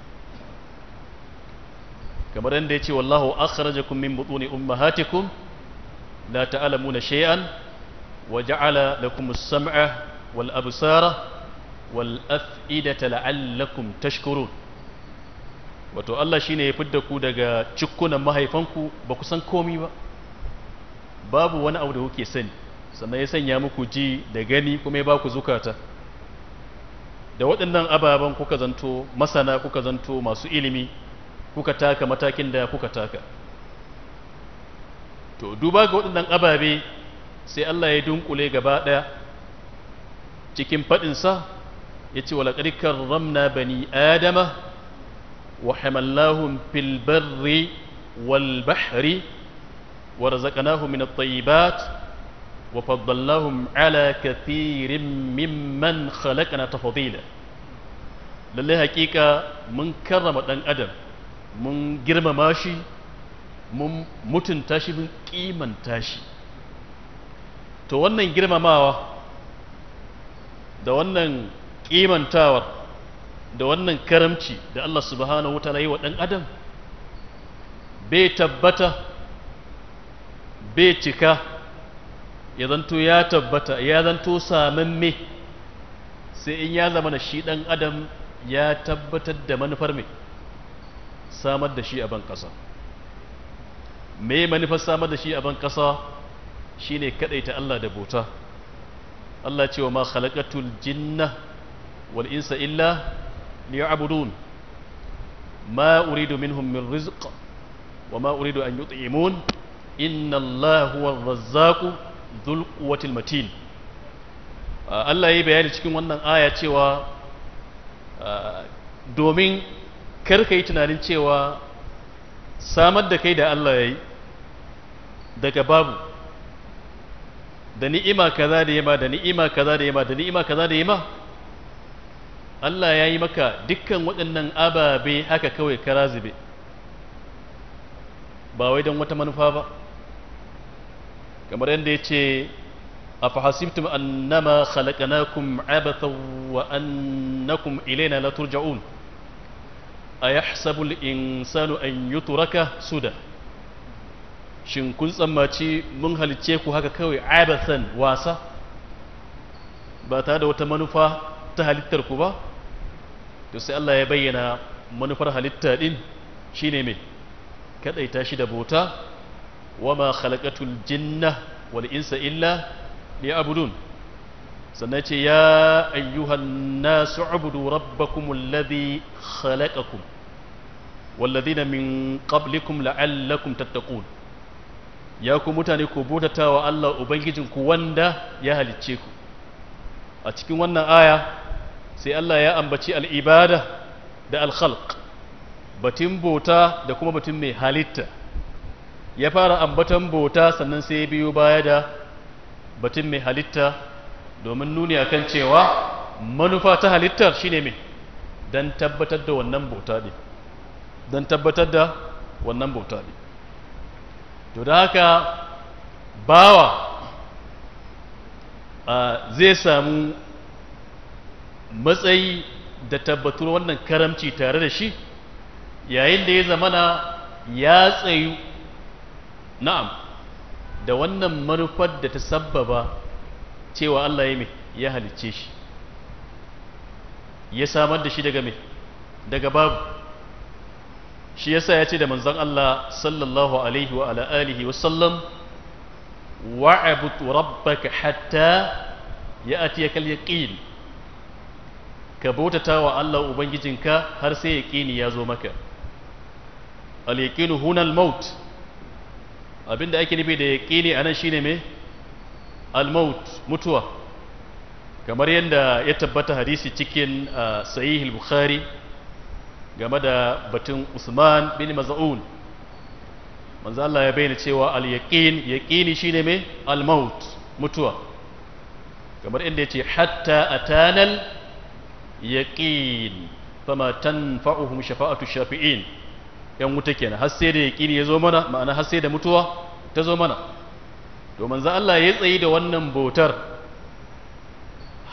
kamar yadda ce wallahu kun min butuni ummahatikum la ta'lamuna shay'an wa ja'ala lakum as-sam'a wal absara wal af'idata la'allakum tashkurun wato Allah shine ya fidda ku daga cikkunan mahaifanku ba ku san komai ba babu wani abu da kuke sani sannan ya sanya muku ji da gani kuma ya ba ku zukata da waɗannan ababen kuka zanto masana kuka zanto masu ilimi kuka taka matakin da kuka taka to duba ga waɗannan ababe sai Allah ya dunkule gaba ɗaya cikin faɗinsa ya ce walaƙar karramna bani adama wa hamallahun filbarri wal wa razaqnahum min at-tayyibat wa faddallahum ala kathirin mimman khalaqna tafdila lallai hakika mun karrama ɗan adam mun girmama shi mun mutunta shi mun kimanta shi to wannan girmamawa da wannan kimantawar da wannan karamci da Allah subhanahu ta'ala yi wa ɗan adam bai tabbata bai cika ya zanto ya tabbata ya zanto me sai in ya zama na shi ɗan adam ya tabbatar da manufar mai samar da shi a ban ƙasa me manufar samar da shi a ban ƙasa shine kaɗaita Allah da bota Allah cewa ma khalaqatul jinna wal insa illa liya'budun ma uridu minhum min rizq wa ma uridu an yut'imun inna Allah huwa razzaqu dhul quwwatil matin ah, Allah ya yi bayani cikin wannan aya cewa ah, domin kar ka yi tunanin cewa samar da kai da Allah ya yi daga babu da ni'ima kaza da yi ma da ni'ima kaza da yi ma da ni'ima kaza da yi ma Allah ya yi maka dukkan waɗannan ababe haka kawai kara zube ba wai don wata manufa ba kamar yadda ya ce a fahasibtum annama khalaqnakum abathan wa annakum ilaina la turja'un ayahsabu al-insanu an turaka suda shin kun tsammaci mun halice ku haka kawai abathan wasa ba tare da wata manufa ta halittar ku ba to sai Allah ya bayyana manufar halitta din shine me kadaita shi da bota wama khalaqatul jinna wal insa illa liya'budun sannan ce ya ayyuhan nasu ubudu rabbakum alladhi khalaqakum والذين من قبلكم لعلكم تتقون ya ku mutane ku bautata wa Allah ku wanda ya halicce ku a cikin wannan aya sai Allah ya ambaci al'ibada da alkhalq batun bota da kuma batun mai halitta ya fara ambatan bota sannan sai ya biyo baya da batun mai halitta domin nuni akan cewa manufa ta halittar shine mai don tabbatar da wannan bota ne don tabbatar da wannan bauta ne to da haka bawa zai samu matsayi da tabbatar wannan karamci tare da shi yayin da ya zamana ya tsayu na'am da wannan manufar da ta sabbaba cewa Allah ya mai ya halicce shi ya samar da shi daga mai daga babu shi yasa ya ce da manzon Allah sallallahu alaihi wa ala alihi wa sallam wa'bud rabbaka hatta ya'tiyaka al-yaqin ka bautata wa Allah ubangijinka har sai yaqini ya zo maka al-yaqinu huna al-maut abinda ake nufi da yaqini anan shine me al-maut mutuwa kamar yadda ya tabbata hadisi cikin ah, sahih al-bukhari game da batun usman bin maz'un manzo Allah ya bayyana cewa al-yaqin yaqini shine me al-maut mutuwa kamar inda yace hatta atanal yaqin fama tanfa'uhum shafa'atu shafi'in yan wuta kenan har sai da yaqini ya zo mana ma'ana har sai da mutuwa ta zo mana to manzo Allah ya tsayi da wannan botar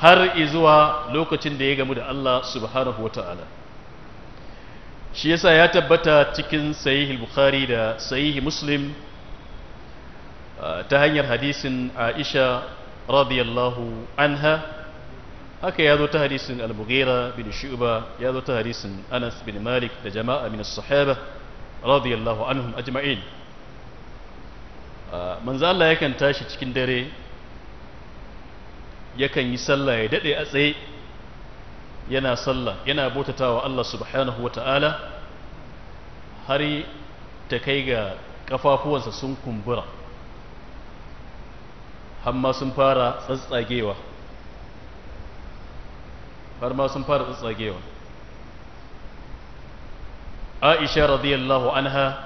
har izuwa lokacin da ya gamu da Allah subhanahu wata'ala shi yasa ya tabbata cikin sahih bukhari da sahih muslim uh, ta hanyar hadisin aisha radiyallahu anha haka ya ta hadisin al bin shu'ba ya ta hadisin anas bin malik da jama'a min as-sahaba radiyallahu anhum ajma'in uh, manzo Allah yakan tashi cikin dare yakan yi sallah ya dade a tsaye yana sallah yana bautatawa Allah subhanahu wata'ala har ta kai ga kafafuwansa sun kumbura hamma sun fara tsatsagewa har ma sun fara tsatsagewa aisha radiyallahu anha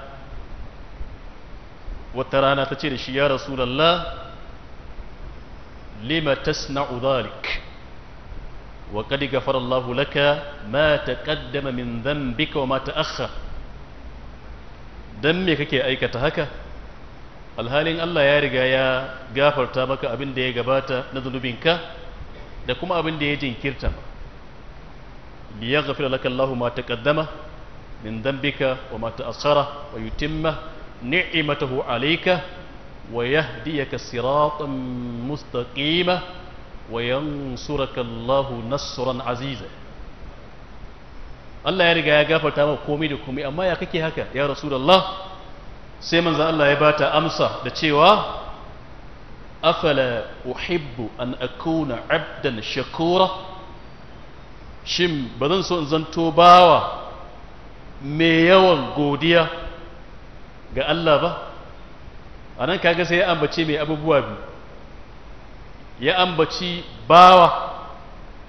wata rana ta ce da shi ya rasulallah lima tasna'u dhalik وقد غفر الله لك ما تقدم من ذنبك وما تأخر دم يكك أيك تهك الهالين الله يارغا يا غافر تابك أبن دي غباتا نذنبينك دكما أبن دي جنكرت ليغفر لك الله ما تقدم من ذنبك وما تأخر ويتم نعمته عليك ويهديك صراطا مستقيما وينصرك الله نصرا عزيزا Allah ya riga ya gafarta maka komai da komai amma ya kake haka ya rasulullah sai manzan Allah ya bata amsa da cewa afala uhibbu an akuna abdan shakura shin bazan so in zanto bawa mai yawan godiya ga Allah ba anan kaga sai ya ambace mai abubuwa biyu ya ambaci bawa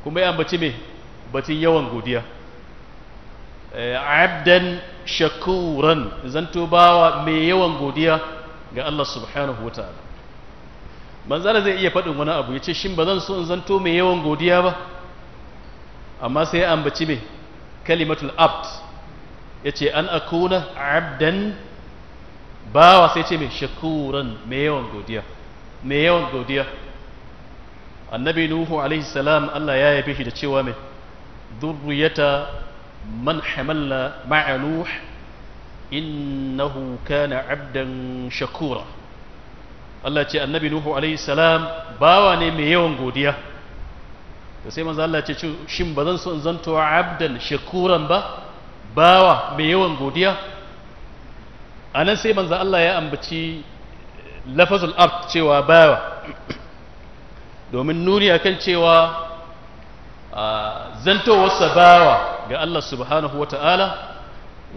kuma ya ambaci me batun yawan godiya eh, abdan shakuran zanto bawa mai yawan godiya ga Allah subhanahu wa ta'ala manzara zai iya faɗin wani abu ya ce shin ba zan so in zanto mai yawan godiya ba amma sai ya ambaci me kalimatul abd ya ce an akuna abdan bawa sai ce mai shakuran mai yawan godiya mai yawan godiya annabi nuhu alaihi salam Allah ya yabe shi da cewa mai dhurriyata man hamalla ma'a nuh innahu kana abdan shakura Allah ce annabi nuhu alaihi salam bawa ne mai yawan godiya da sai manzo Allah ce shin ba zan so in zanto abdan shakuran ba bawa mai yawan godiya anan sai manzo Allah ya ambaci lafazul abd cewa bawa domin nuni kan cewa zantowarsa bawa ga Allah subhanahu wa ta'ala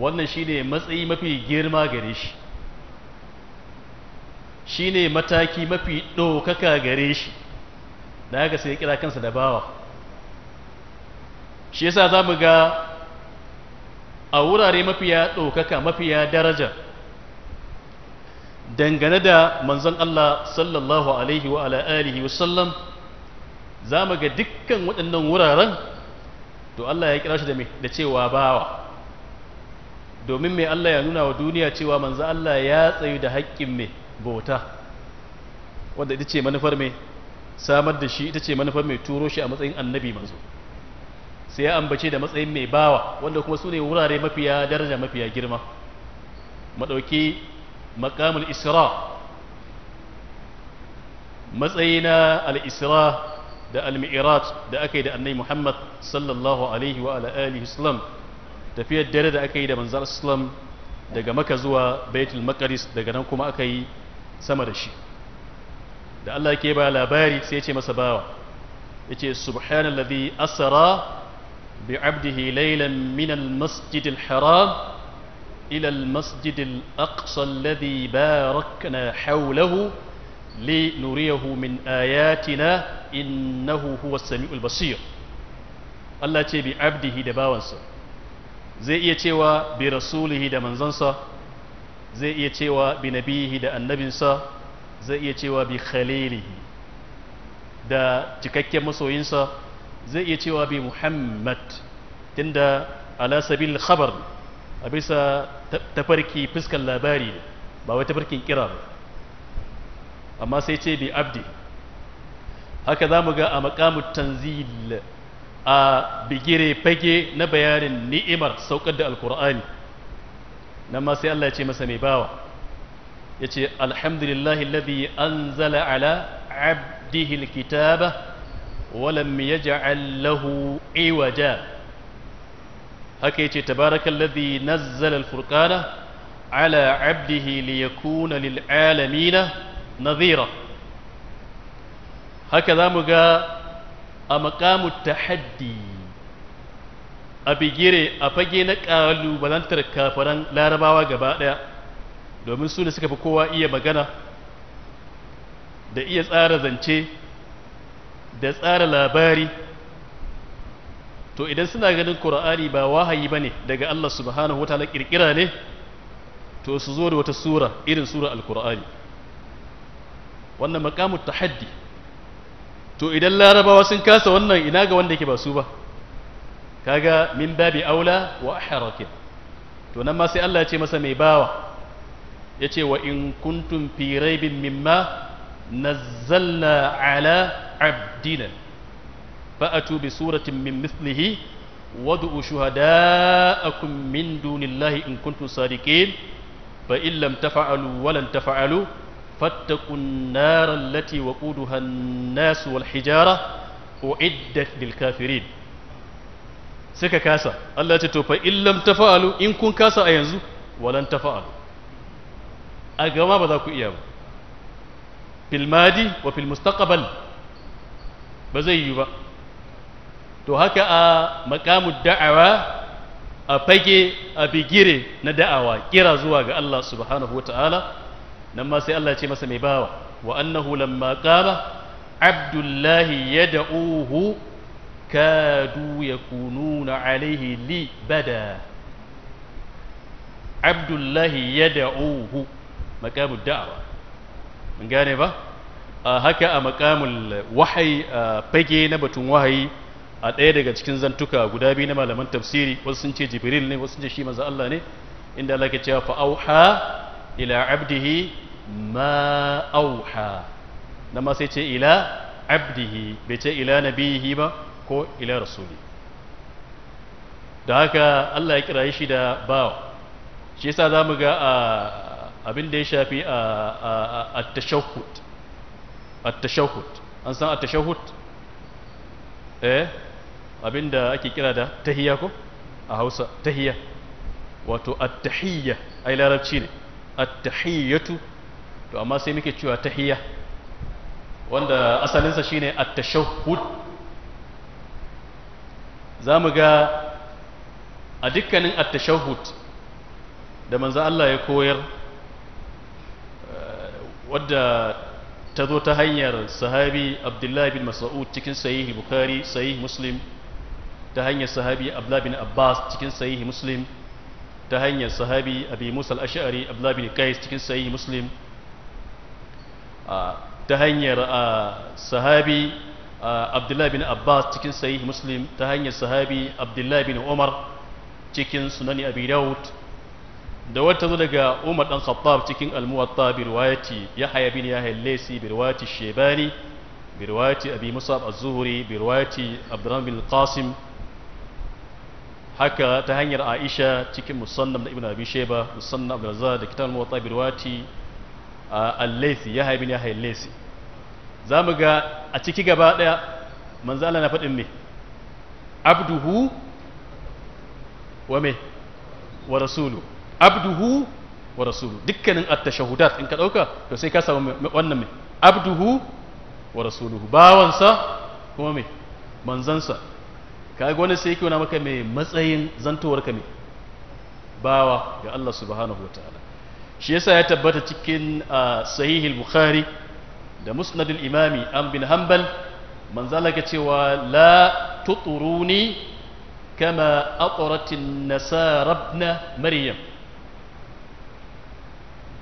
wannan shi ne matsayi mafi girma gare shi shi ne mataki mafi ɗaukaka gare shi da haka sai kira kansa da bawa shi yasa za mu ga a wurare mafiya ɗaukaka mafiya daraja dangane da manzon Allah sallallahu alaihi wa ala alihi wasallam za mu ga dukkan waɗannan wuraren to Allah ya kira shi da me da cewa bawa domin mai Allah ya nuna wa duniya cewa manzo Allah ya tsayu da haƙƙin mai bauta wanda ita ce manufar mai samar da shi ita ce manufar mai turo shi a matsayin annabi manzo sai ya ambace da matsayin mai bawa wanda kuma su ne wurare mafiya daraja mafiya girma maɗauki makamul isra matsayi na al-isra da almi'iraj da akai da annabi muhammad sallallahu alaihi wa ala alihi sallam tafiyar dare da akai da manzal sallam daga Makka zuwa baitul maqdis daga nan kuma akai sama da shi da Allah yake ba labari sai ya ce masa bawa yace subhanalladhi asra bi abdihi laylan min al-masjid al haram إلى المسجد الأقصى الذي باركنا حوله لنريه من آياتنا innahu huwa sami'ul basir Allah ce bi abdihi da bawansa zai iya cewa bi rasulihi da manzansa zai iya cewa bi nabihi da annabinsa zai iya cewa bi khalilihi da cikakken masoyinsa zai iya cewa bi muhammad tunda ala sabil khabar a bisa tafarki fuskan labari ba wai tafarkin kira ba amma sai ce bi abdi haka za mu ga a makamu tanzil a bigire fage na bayanin ni'imar saukar da alkur'ani nan ma sai Allah ya ce masa mai bawa ya ce alhamdulillahi alladhi anzala ala abdihi kitaba walam yaj'al lahu iwaja haka yace tabarakallazi nazzala alfurqana ala abdihi liyakuna na alamin haka za mu ga a makamu tahaddi a bigire a fage na ƙalubalantar kafaran larabawa gaba ɗaya domin su ne suka fi kowa iya magana da iya tsara zance da tsara labari to idan suna ganin ƙura'ani ba wahayi ba ne daga Allah subhanahu wataala ƙirƙira ne to su zo da wata sura irin sura alƙura'ani wannan makamu tahaddi to idan larabawa sun kasa wannan ina ga wanda ke ba su ba kaga min babi aula wa ahrakin to nan ma sai Allah ya ce masa mai bawa ya ce wa in kuntum fi raibin mimma nazzalna ala abdina fa'atu bi suratin min mislihi wad'u shuhada'akum min dunillahi in kuntum sadiqin fa in lam taf'alu wa lan taf'alu فاتقوا النار التي وقودها الناس والحجارة أعدت للكافرين سكا كاسا الله تتوفى إن لم تفعلوا إن كن كاسا أينزو ولن تفعلوا أقوى بذاكو إياه في الماضي وفي المستقبل بزي يبقى to haka a makamu da'awa a fage a bigire na da'awa nan ma sai Allah ce masa mai bawa wa annahu lamma qaba abdullahi yad'uhu kadu yakununa alaihi li bada abdullahi yad'uhu maqamud da'wa mun gane ba haka a maqamul wahayi fage na batun wahayi a ɗaya daga cikin zantuka guda biyu na malaman tafsiri wasu sun ce jibril ne wasu sun ce shi manzo Allah ne inda Allah ke cewa fa auha ila abdihi ma auha nan ma sai ce ila abdihi bai ce ila nabihi ba ko ila rasuli da haka Allah ya kira shi da bawa shi yasa zamu ga abin da ya shafi a at-tashahhud at tashahhud an san at tashahhud eh abin da ake kira da tahiyya ko a Hausa tahiyya wato at-tahiyya ai larabci ne atahiyatu to amma sai muke cewa tahiyya wanda asalinsa shine at zamu ga a dukkanin at da manzo Allah ya koyar eh, wadda ta zo ta hanyar sahabi Abdullahi bin Mas'ud cikin sahihi Bukhari sahihi Muslim ta hanyar sahabi Abdullahi bin Abbas cikin sahihi Muslim ta hanyar sahabi abi musa al-ash'ari abdullah bin qais cikin sayi muslim ta hanyar sahabi abdullah bin abbas cikin sayi muslim ta hanyar sahabi abdullah bin umar cikin sunani abi daud da wata zo daga umar dan khattab cikin al-muwatta ya riwayati yahya bin yahya al-laysi bi riwayati shaybani bi riwayati abi musab az-zuhri bi riwayati abdurrahman bin qasim haka ta hanyar aisha cikin musannam da ibn abi sheba musannam da za da kitan motsa birwati al-laythi ya haibin ya hailesi za mu ga a ciki gaba daya manzo Allah na faɗin me abduhu wa me wa rasulu abduhu wa rasulu dukkanin at-tashahudat in ka dauka to sai ka samu wannan me abduhu wa rasuluhu bawansa kuma me manzansa kaga wani sai yake wani maka mai matsayin zantowar ka mai bawa ga Allah subhanahu wataala shi yasa ya tabbata cikin al bukhari da musnad al imami an bin hanbal manzala ka cewa la tuturuni kama an nasara ibn maryam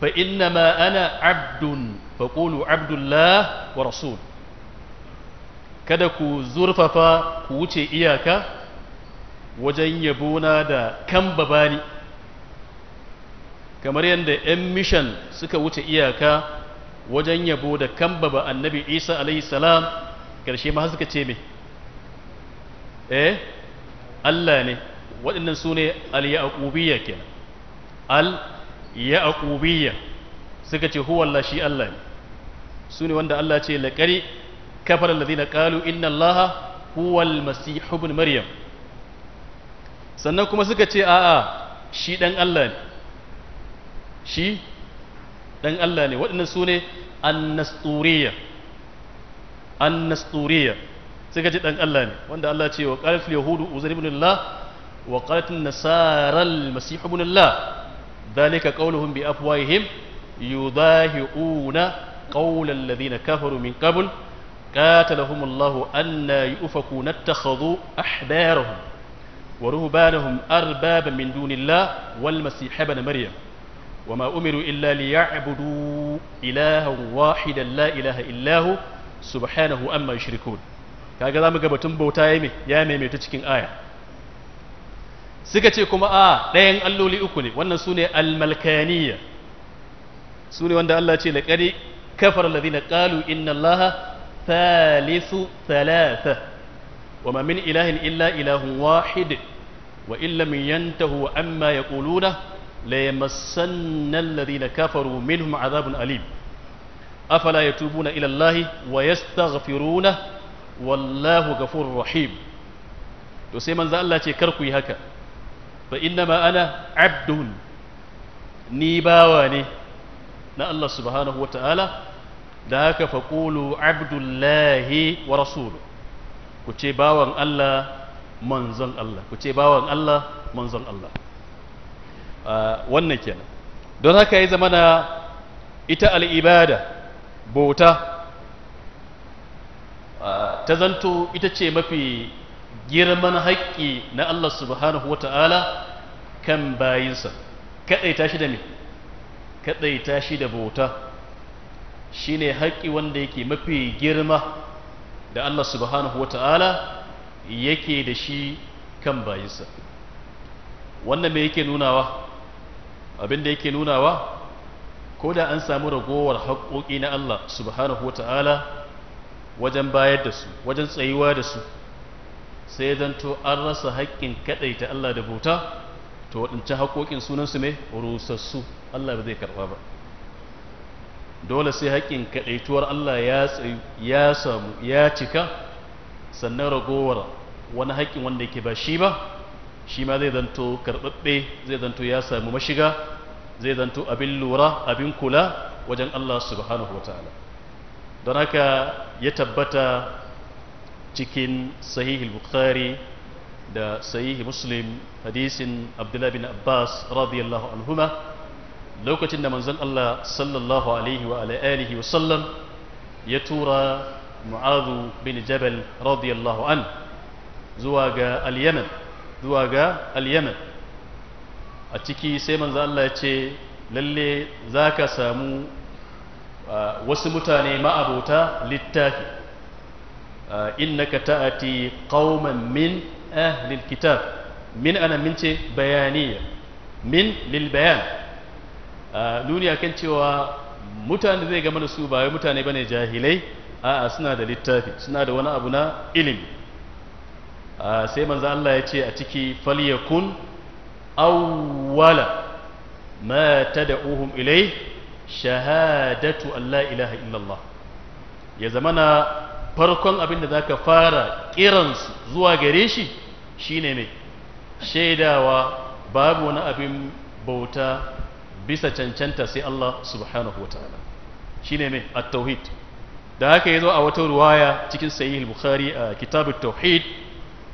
fa innama ana abdun fa qulu abdullah wa rasul kada ku zurfafa ku wuce iyaka wajen yabona da kan babani kamar yadda 'yan mishan suka wuce iyaka wajen yabo da kan baba annabi isa alaihi salam ƙarshe ma suka ce me eh allah ne waɗannan su ne al-ya'qubiyya kenan al-ya'qubiyya suka ce huwa allah shi allah ne su ne wanda allah ce laƙari kafara alladhina qalu inna allaha huwal masih ibn maryam sannan kuma suka ce a'a shi dan Allah ne shi dan Allah ne waɗannan su ne annasturiya annasturiya suka ce dan Allah ne wanda Allah ce wa qalat yahudu uzair ibn Allah wa qalat nasara al-masih ibn Allah ذلك قولهم بأفواههم يضاهئون قول الذين كفروا من قبل قاتلهم الله ألا يؤفكون اتخذوا أحبارهم ورهبانهم أربابا من دون الله والمسيح ابن مريم وما أمروا إلا ليعبدوا إلها واحدا لا إله إلا هو سبحانه أما يشركون kaga zamu ga batun bauta ya me mai ta cikin aya suka ce kuma a ɗayan alloli uku ne wannan sune almalkaniya sune wanda Allah ce laqad kafara alladhina qalu inna allaha الثالث ثلاثة وما من إله إلا إله واحد وإن لم ينتهوا عما يقولون ليمسن الذين كفروا منهم عذاب أليم أفلا يتوبون إلى الله ويستغفرونه والله غفور رحيم تسيما ذا الله Allah هكا فإنما أنا عبد نيباواني نا الله سبحانه وتعالى da haka faƙulu abdullahi wa rasulu ku ce bawan Allah manzon Allah ku ce bawan Allah manzon Allah ah, wannan kenan don haka ya zama na ita al'ibada bota. Ah, ta zanto ita ce mafi girman haƙƙi na Allah subhanahu wa ta'ala kan bayinsa kaɗaita shi da me kaɗaita shi da bota. shine haƙƙi wanda yake mafi girma da Allah subhanahu wata'ala yake da shi kan bayinsa wannan me yake nunawa abin da yake nunawa ko da an samu ragowar haƙoƙi na Allah subhanahu wata'ala wajen bayar da su wajen tsayuwa da su sai to an rasa haƙƙin ta Allah da bauta to waɗancan haƙoƙin sunansu mai rusassu Allah ba zai karɓa ba dole sai haƙƙin kaɗaituwar Allah ya samu ya cika sannan ragowar wani haƙƙin wanda yake ba shi ba shi ma zai zanto karɓaɓɓe zai zanto ya samu mashiga zai zanto abin lura abin kula wajen Allah subhanahu wa ta'ala don haka ya tabbata cikin sahihul bukhari da sahihi muslim hadisin abdullahi bin abbas radiyallahu anhuma lokacin da manzon Allah sallallahu alaihi wa alihi wa sallam ya tura mu'adhu bin jabal radiyallahu an zuwa ga al-yaman zuwa ga al-yaman a ciki sai manzon Allah ya ce lalle zaka samu wasu mutane ma'abota littafi innaka ta'ati qauman min ahli al-kitab min ana min ce bayaniya min lil bayan nuni kan cewa mutane zai gama da su ba wai mutane bane jahilai a'a suna da littafi suna da wani abu na ilimi sai manzo Allah ya ce a ciki falyakun awwala ma tad'uhum ilai shahadatu alla ilaha illallah ya zamana farkon abin da zaka fara kiransu zuwa gare shi shine mai shaidawa babu wani abin bauta bisa cancanta sai Allah subhanahu wa ta'ala ne mai a tauhid da haka zo a wata ruwaya cikin sayi al-bukhari a kitabin tauhid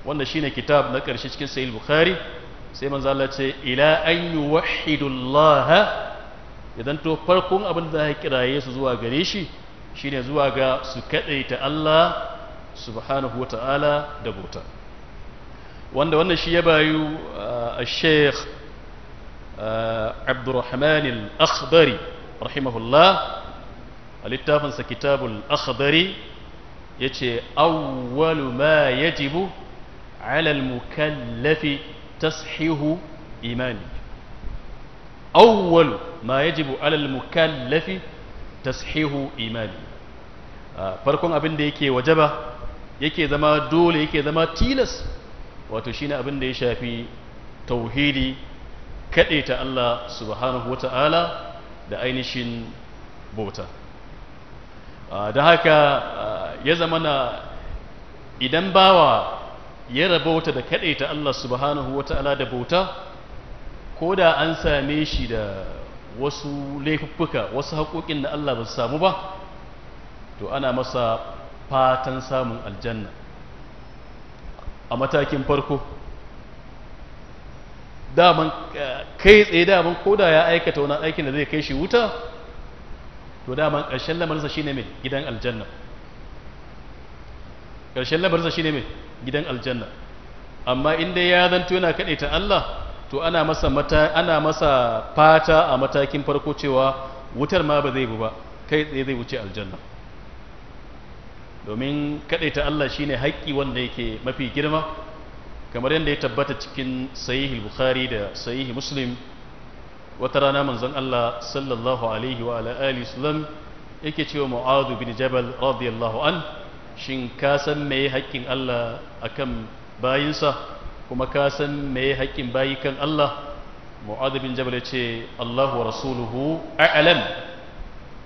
wanda shine kitab na karshe cikin sayi al-bukhari sai manzo Allah ce ila an yuwahhidu Allah idan to farkon abin da ya kiraye su zuwa gare shi shine zuwa ga su kadaita Allah subhanahu wa ta'ala da bota wanda wannan shi ya bayu a sheikh آه، عبد الرحمن الأخبري رحمه الله ولتافنس كتاب الأخبري يتي أول ما يجب على المكلف تصحيه إيماني أول ما يجب على المكلف تصحيه إيماني آه، فرقون أبن دي وجبة يكي ذما دول يكي زما تيلس وتشين أبن دي شافي توحيدي ta Allah subhanahu wa ta'ala da ainihin bauta da haka ya zama na idan bawa ya rabauta da ta Allah subhanahu wa ta'ala da bauta ko da an same shi da wasu laifuffuka wasu haƙoƙin da Allah ba samu ba to ana masa fatan samun aljanna a matakin farko daman eh, kai tsaye daman koda ya aikata wani aikin da zai kai shi wuta to daman ƙarshen lamarinsa shine mai gidan aljanna ƙarshen lamarinsa shine mai gidan aljanna amma inda ya zanto yana ta Allah to ana masa mata ana masa fata a matakin farko cewa wutar ma ba zai bu ba kai tsaye zai wuce aljanna domin ta Allah shine haƙƙi wanda yake mafi girma kamar yadda ya tabbata cikin sahihi bukhari da sahihi muslim wata rana manzon Allah sallallahu alaihi wa alihi sallam yake cewa mu'adu bin jabal radiyallahu an shin ka san meye haƙƙin Allah akan bayinsa kuma ka san meye haƙƙin bayi kan Allah mu'adu bin jabal ya ce Allahu wa rasuluhu a'lam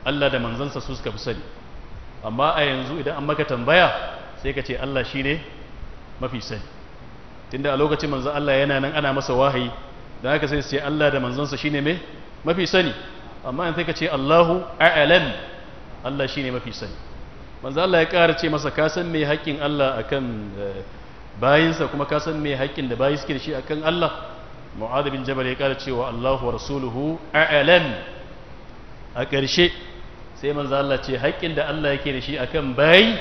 Allah da manzansa su suka fi sani amma a yanzu idan an maka tambaya sai ka ce Allah shine mafi sani tunda a lokacin manzon Allah yana nan ana masa wahayi dan haka sai sai Allah da manzonsa shine me mafi sani amma in sai ka ce Allahu a'lam Allah shine mafi sani manzon Allah ya ƙara ce masa ka san me haƙƙin Allah akan eh, bayinsa kuma ka san me haƙƙin da bayi suke da shi akan Allah mu'adh bin jabal ya ƙara cewa Allahu wa rasuluhu a'lam a ƙarshe sai manzon Allah ce haƙƙin da Allah yake da shi akan bayi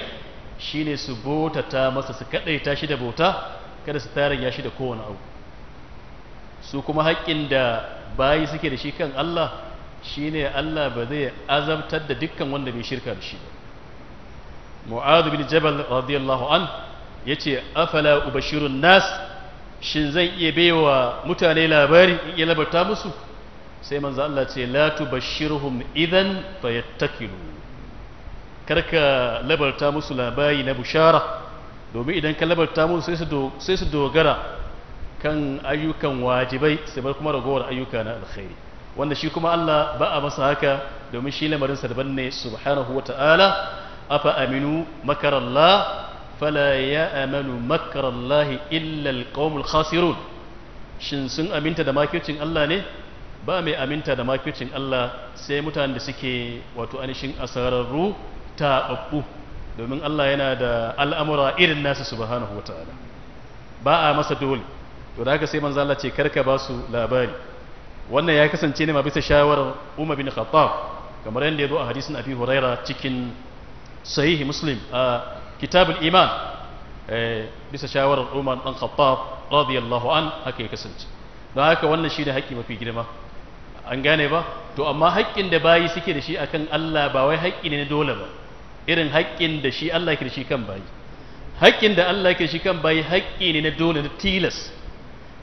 shine su botata masa su kadaita shi da bota kada su ya shi da kowane abu su kuma haƙƙin da bayi suke da shi kan Allah shine Allah ba zai azabtar da dukkan wanda bai shirka da shi ba mu'adh bin jabal radiyallahu an yace afala ubashirun nas shin zan iya baiwa mutane labari in iya labarta musu sai manzo Allah ce la tubashshirhum idan fayattakilu karka labarta musu labari na bushara domin idan kalabar ta mu sai su dogara kan ayyukan wajibai sai bar kuma ragowar ayyuka na alkhairi wanda shi kuma Allah ba a masa haka domin shi lamarin sa daban ne subhanahu wata'ala afa aminu makarallah fala ya amanu makarallahi illa alqawmul khasirun shin sun aminta da makircin Allah ne ba mai aminta da makircin Allah sai mutanen da suke wato anishin asararru ta babbu domin Allah yana da al'amura irin nasu subhanahu wata'ala ba a masa dole to da haka sai manzo Allah ce karka ba su labari wannan ya kasance ne ma bisa shawarar Umar bin Khattab kamar yadda ya zo a hadisin Abi Huraira cikin sahihi Muslim a kitabul iman eh, bisa shawarar Umar dan Khattab radiyallahu an haka ya kasance don haka wannan shi da haƙƙi mafi girma an gane ba to amma haƙƙin da bayi suke da shi akan Allah ba wai haƙƙi ne na dole ba irin haƙƙin da shi Allah ke da shi kan bayi haƙƙin da Allah ke shi kan bayi haƙƙi ne na dole na tilas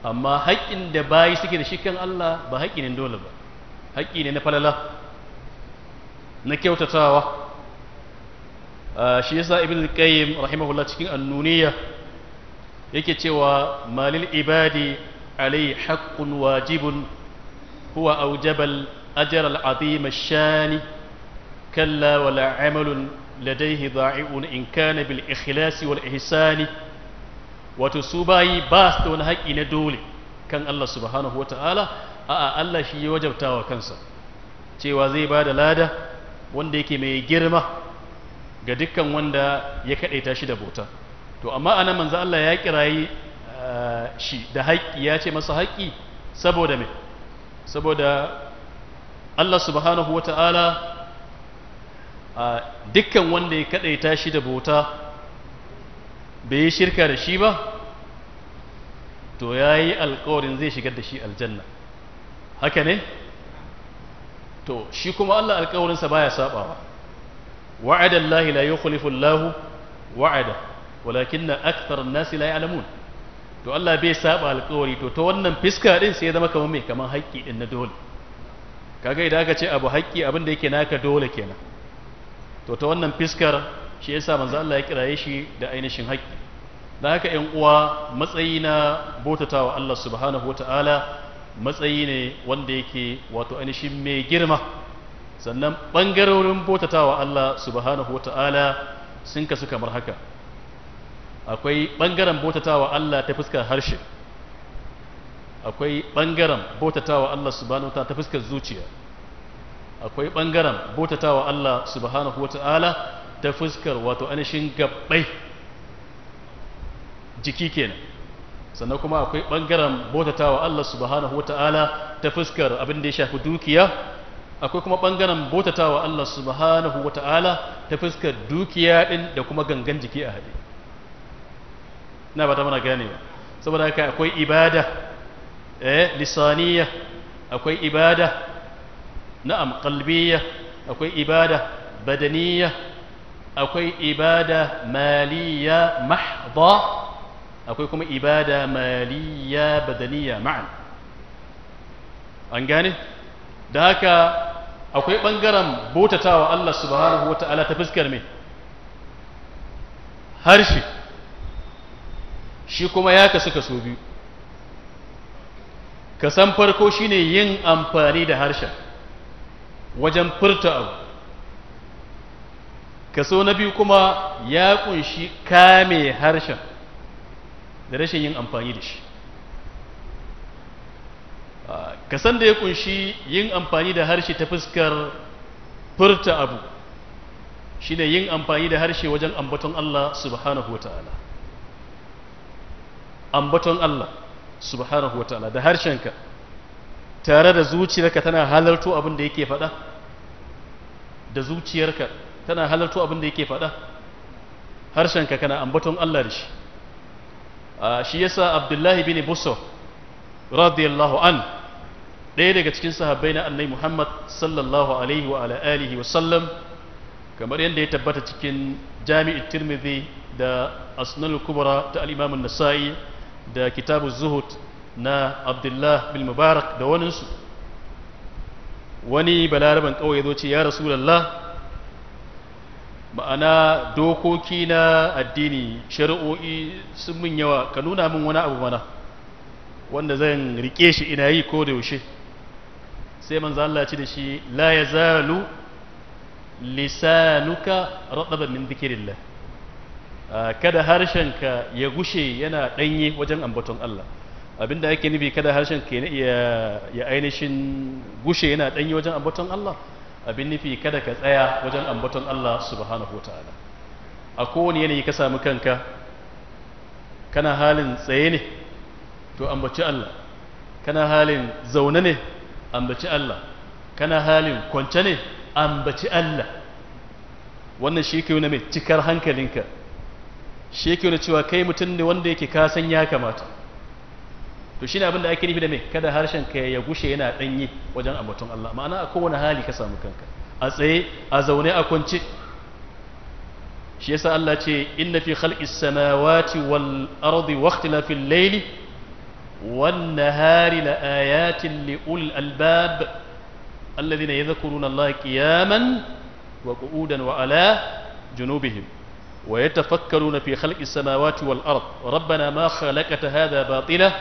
amma haƙƙin da bayi suke da shi kan Allah ba haƙƙi ne dole ba haƙƙi ne na falala na kyautatawa shi yasa ibn al-qayyim rahimahullah cikin annuniya yake cewa malil ibadi alai haqqun wajibun huwa aujabal ajra al-azim ash-shani kalla wala amalun ladaihi dha'i'un in kana bil ikhlasi wal ihsani wato su bayi ba su da wani haƙi na dole kan Allah subhanahu wa ta'ala a'a Allah shi ya wajabta wa kansa cewa zai ba da lada wanda yake mai girma ga dukkan wanda ya kaɗaita shi da bota to amma anan manzo Allah ya kirayi eh, shi da haƙi ya ce masa haƙi saboda me saboda Allah subhanahu wa ta'ala dukkan wanda ya kadaita shi da bauta bai yi shirka da shi ba to ya yi alkawarin zai shigar da shi aljanna haka ne to shi kuma Allah alkawarinsa baya sabawa wa'ada Allah la yukhlifu Allah wa'ada walakinna aktharun nasi la ya'lamun to Allah bai saba alkawari to ta wannan fiska din sai ya zama kamar mai kamar haƙƙi din na dole kaga idan aka ce abu haƙƙi abin da yake naka dole kenan to ta wannan fiskar shi yasa manzo Allah ya kiraye shi da ainihin haƙƙi da haka ƴan uwa matsayi na bautatawa Allah subhanahu wata'ala matsayi ne wanda yake wato ainihin mai girma sannan ɓangarorin bautatawa Allah subhanahu wata'ala sun kasu kamar haka akwai ɓangaren bautatawa Allah ta fuskar harshe akwai ɓangaren bautatawa Allah subhanahu wata'ala ta fuskar zuciya akwai ɓangaren botatawa Allah subhanahu wa ta'ala ta fuskar wato anishin gabbai jiki kenan sannan kuma akwai ɓangaren botatawa Allah subhanahu wa ta'ala ta fuskar abin da ya shafi dukiya akwai kuma ɓangaren botatawa Allah subhanahu wa ta'ala ta fuskar dukiya ɗin da kuma gangan jiki a haɗe na ba ta mana gane ba saboda haka akwai ibada eh lisaniya akwai ibada na'am qalbiyya akwai ibada badaniyya akwai ibada maliyya mahdha akwai kuma ibada maliyya badaniyya ma'an an gane da haka akwai bangaren botatawa Allah subhanahu wata'ala ta fuskar mai harshe shi kuma ya kasu kaso biyu kasan farko shine yin amfani da harshen wajen furta abu kaso na biyu kuma ya kunshi kame harshen da rashin yin amfani da shi kasan da ya kunshi yin amfani da harshe ta fuskar furta abu shi ne yin amfani da harshe wajen ambaton Allah subhanahu ta'ala ambaton Allah subhanahu ta'ala da harshenka tare da zuciyarka tana halarto abin da yake faɗa da zuciyarka tana halarto abin da yake faɗa harshenka kana ambaton Allah da shi shi yasa abdullahi bin busso radiyallahu an ɗaya daga cikin sahabbai na annai muhammad sallallahu alaihi wa alihi wa sallam kamar yadda ya tabbata cikin jami'in tirmidhi da asnal kubra ta al-imam an-nasa'i da kitabu zuhud na abdullah bin mubarak da waninsu wani balaraban kawai zo ce ya rasulallah ma'ana dokoki na addini shari'o'i sun min yawa ka nuna min wani abu mana wanda zan rike shi ina yi ko da yaushe sai manzo Allah ci da shi la yazalu lisanuka rataban min dhikrillah ah, kada harshenka ya gushe yana danye wajen ambaton Allah abinda yake nufi kada harshen ke ya ainihin gushe yana danyi wajen ambaton Allah abin nufi kada ka tsaya wajen ambaton Allah subhanahu wataala a kowane yanayi ka samu kanka kana halin tsaye ne to ambaci Allah kana halin zaune ne ambaci Allah kana halin kwance ne ambaci Allah wannan shi ke mai cikar hankalinka shi ke cewa kai mutum ne wanda yake kasan ya kamata to shine abin da ake nufi da me kada harshen ka ya gushe yana danyi wajen ambaton Allah ma'ana a kowane hali ka samu kanka a tsaye a zaune a kwance shi yasa Allah ce inna fi khalqis samawati wal ardi wa ikhtilafil layli wan nahari la ayatin li ul albab alladhina yadhkuruna Allah qiyaman wa qu'udan wa ala junubihim ويتفكرون في خلق السماوات والأرض ربنا ما خلقت هذا باطلا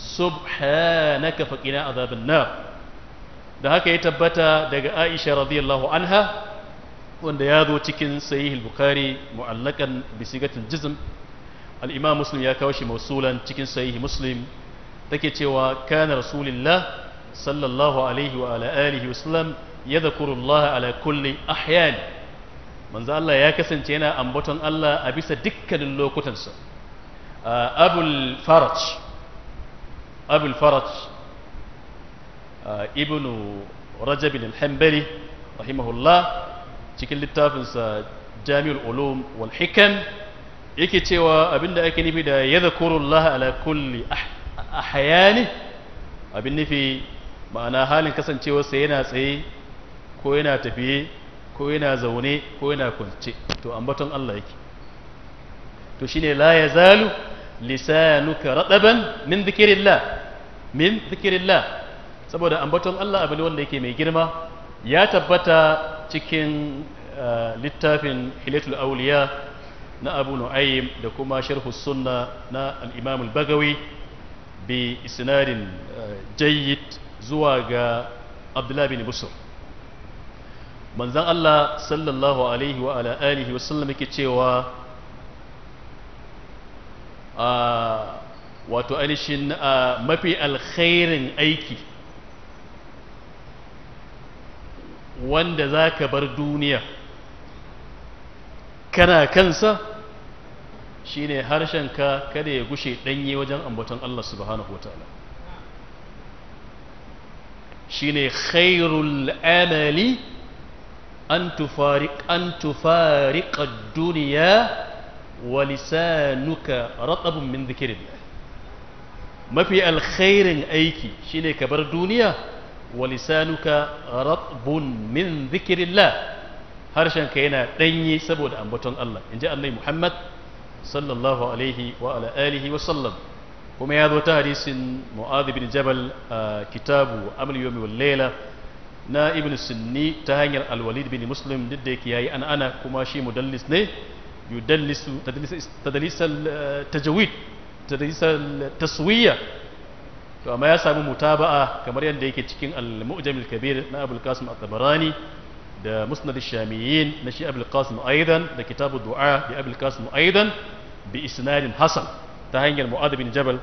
subhanaka faqina azaban nar da haka ya tabbata daga Aisha radiyallahu anha wanda ya zo cikin sahih al-Bukhari mu'allakan bi sigatil jizm al-Imam Muslim ya kawo shi mausulan cikin sahih Muslim take cewa kana rasulullah sallallahu alaihi wa ala alihi wa sallam yadhkuru Allah ala kulli ahyan manzo Allah ya kasance yana ambaton Allah a bisa dukkanin lokutansa abul faraj abul faraj ibnu rajab al-hanbali rahimahullah cikin littafinsa jami'ul ulum wal hikam yake cewa abinda ake nufi da yadhkurullaha ala kulli ahyani abin nufi ma'ana halin kasancewarsa yana tsaye ko yana tafiye ko yana zaune ko yana kwance to ambaton Allah yake to shine la yazalu lisanuka rataban min dhikrillah min dhikrillah saboda ambaton Allah abu ne wanda yake mai girma ya tabbata cikin eh, littafin hilatul auliya na abu nu'aym da kuma sharhu sunna na al-imam al-bagawi bi isnadin eh, jayyid zuwa ga abdullahi bin busur manzon Allah sallallahu alaihi wa ala alihi wa sallam yake cewa wato ainihin mafi alkhairin aiki wanda za ka bar duniya kana kansa shine harshenka kada ya gushe danye wajen ambaton Allah subhanahu wa ta'ala shine khairul amali an tufariq an walisanuka ratabun min zikirin mafi alkhairin aiki shine ka bar duniya walisanuka ratabun min harshen ka yana danyi saboda ambaton Allah inji annabi Muhammad sallallahu alaihi wa ala alihi wa sallam kuma ya zo ta hadisin mu'adh bin jabal a kitabu amal yawmi wal layla na ibn sunni ta hanyar alwalid bin muslim duk da yake yayi an ana kuma shi mudallis ne يدلس تدليس تدليس التجويد تدليس التسويه وما يا سامي متابعه كما يلي يكي cikin المعجم الكبير نا ابو القاسم الطبراني ده مسند الشاميين نشي ابو القاسم ايضا ده كتاب الدعاء لابو القاسم ايضا باسناد حسن ta hanyar بن جبل jabal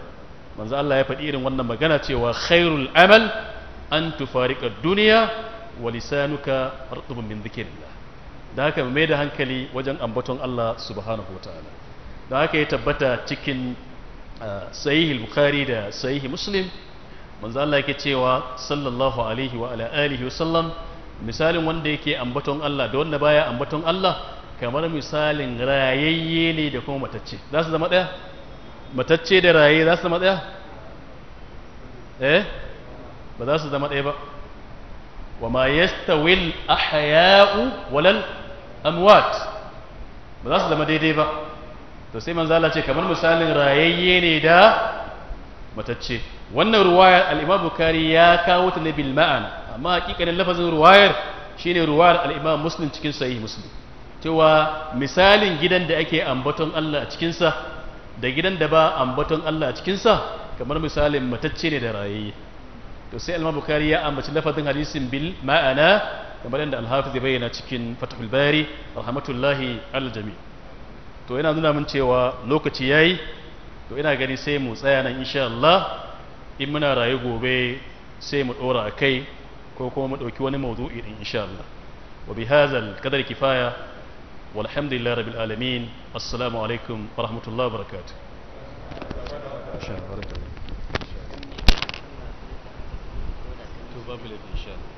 manzo Allah ya fadi irin wannan magana cewa khairul amal an tufariqa dunya wa lisanuka rutubun min da haka mai da hankali wajen ambaton Allah subhanahu wataala da haka ya tabbata cikin ah, sahihi bukhari da sahihi muslim manzo Allah yake cewa sallallahu alaihi wa ala alihi wa sallam misalin wanda yake ambaton Allah da wanda baya ambaton Allah kamar misalin rayayye ne da kuma matacce za su zama daya matacce da raye za su zama daya eh ba za su zama daya ba wa ma yastawil ahya'u walal amwat ba za su zama daidai ba to sai manzala ce kamar misalin rayayye ne da matacce wannan ruwayar al-Imam Bukhari ya kawo ta ne bil ma'ana amma haƙiƙanin lafazin ruwayar shine ruwayar al-Imam Muslim cikin sahih Muslim cewa misalin gidan da ake ambaton Allah a cikin sa da gidan da ba ambaton Allah a cikin sa kamar misalin matacce ne da rayayye to sai al-Imam Bukhari ya ambaci lafazin hadisin bil ma'ana kamar yadda alhafiz ya bayyana cikin fathul bari rahmatullahi al jami to yana nuna min cewa lokaci yayi to ina gani sai mu tsaya nan insha Allah in muna rayu gobe sai mu dora kai ko kuma mu dauki wani mawdu'i din insha Allah wa bi hadha al qadar kifaya walhamdulillahi rabbil alamin assalamu alaikum wa rahmatullahi wa barakatuh شاء الله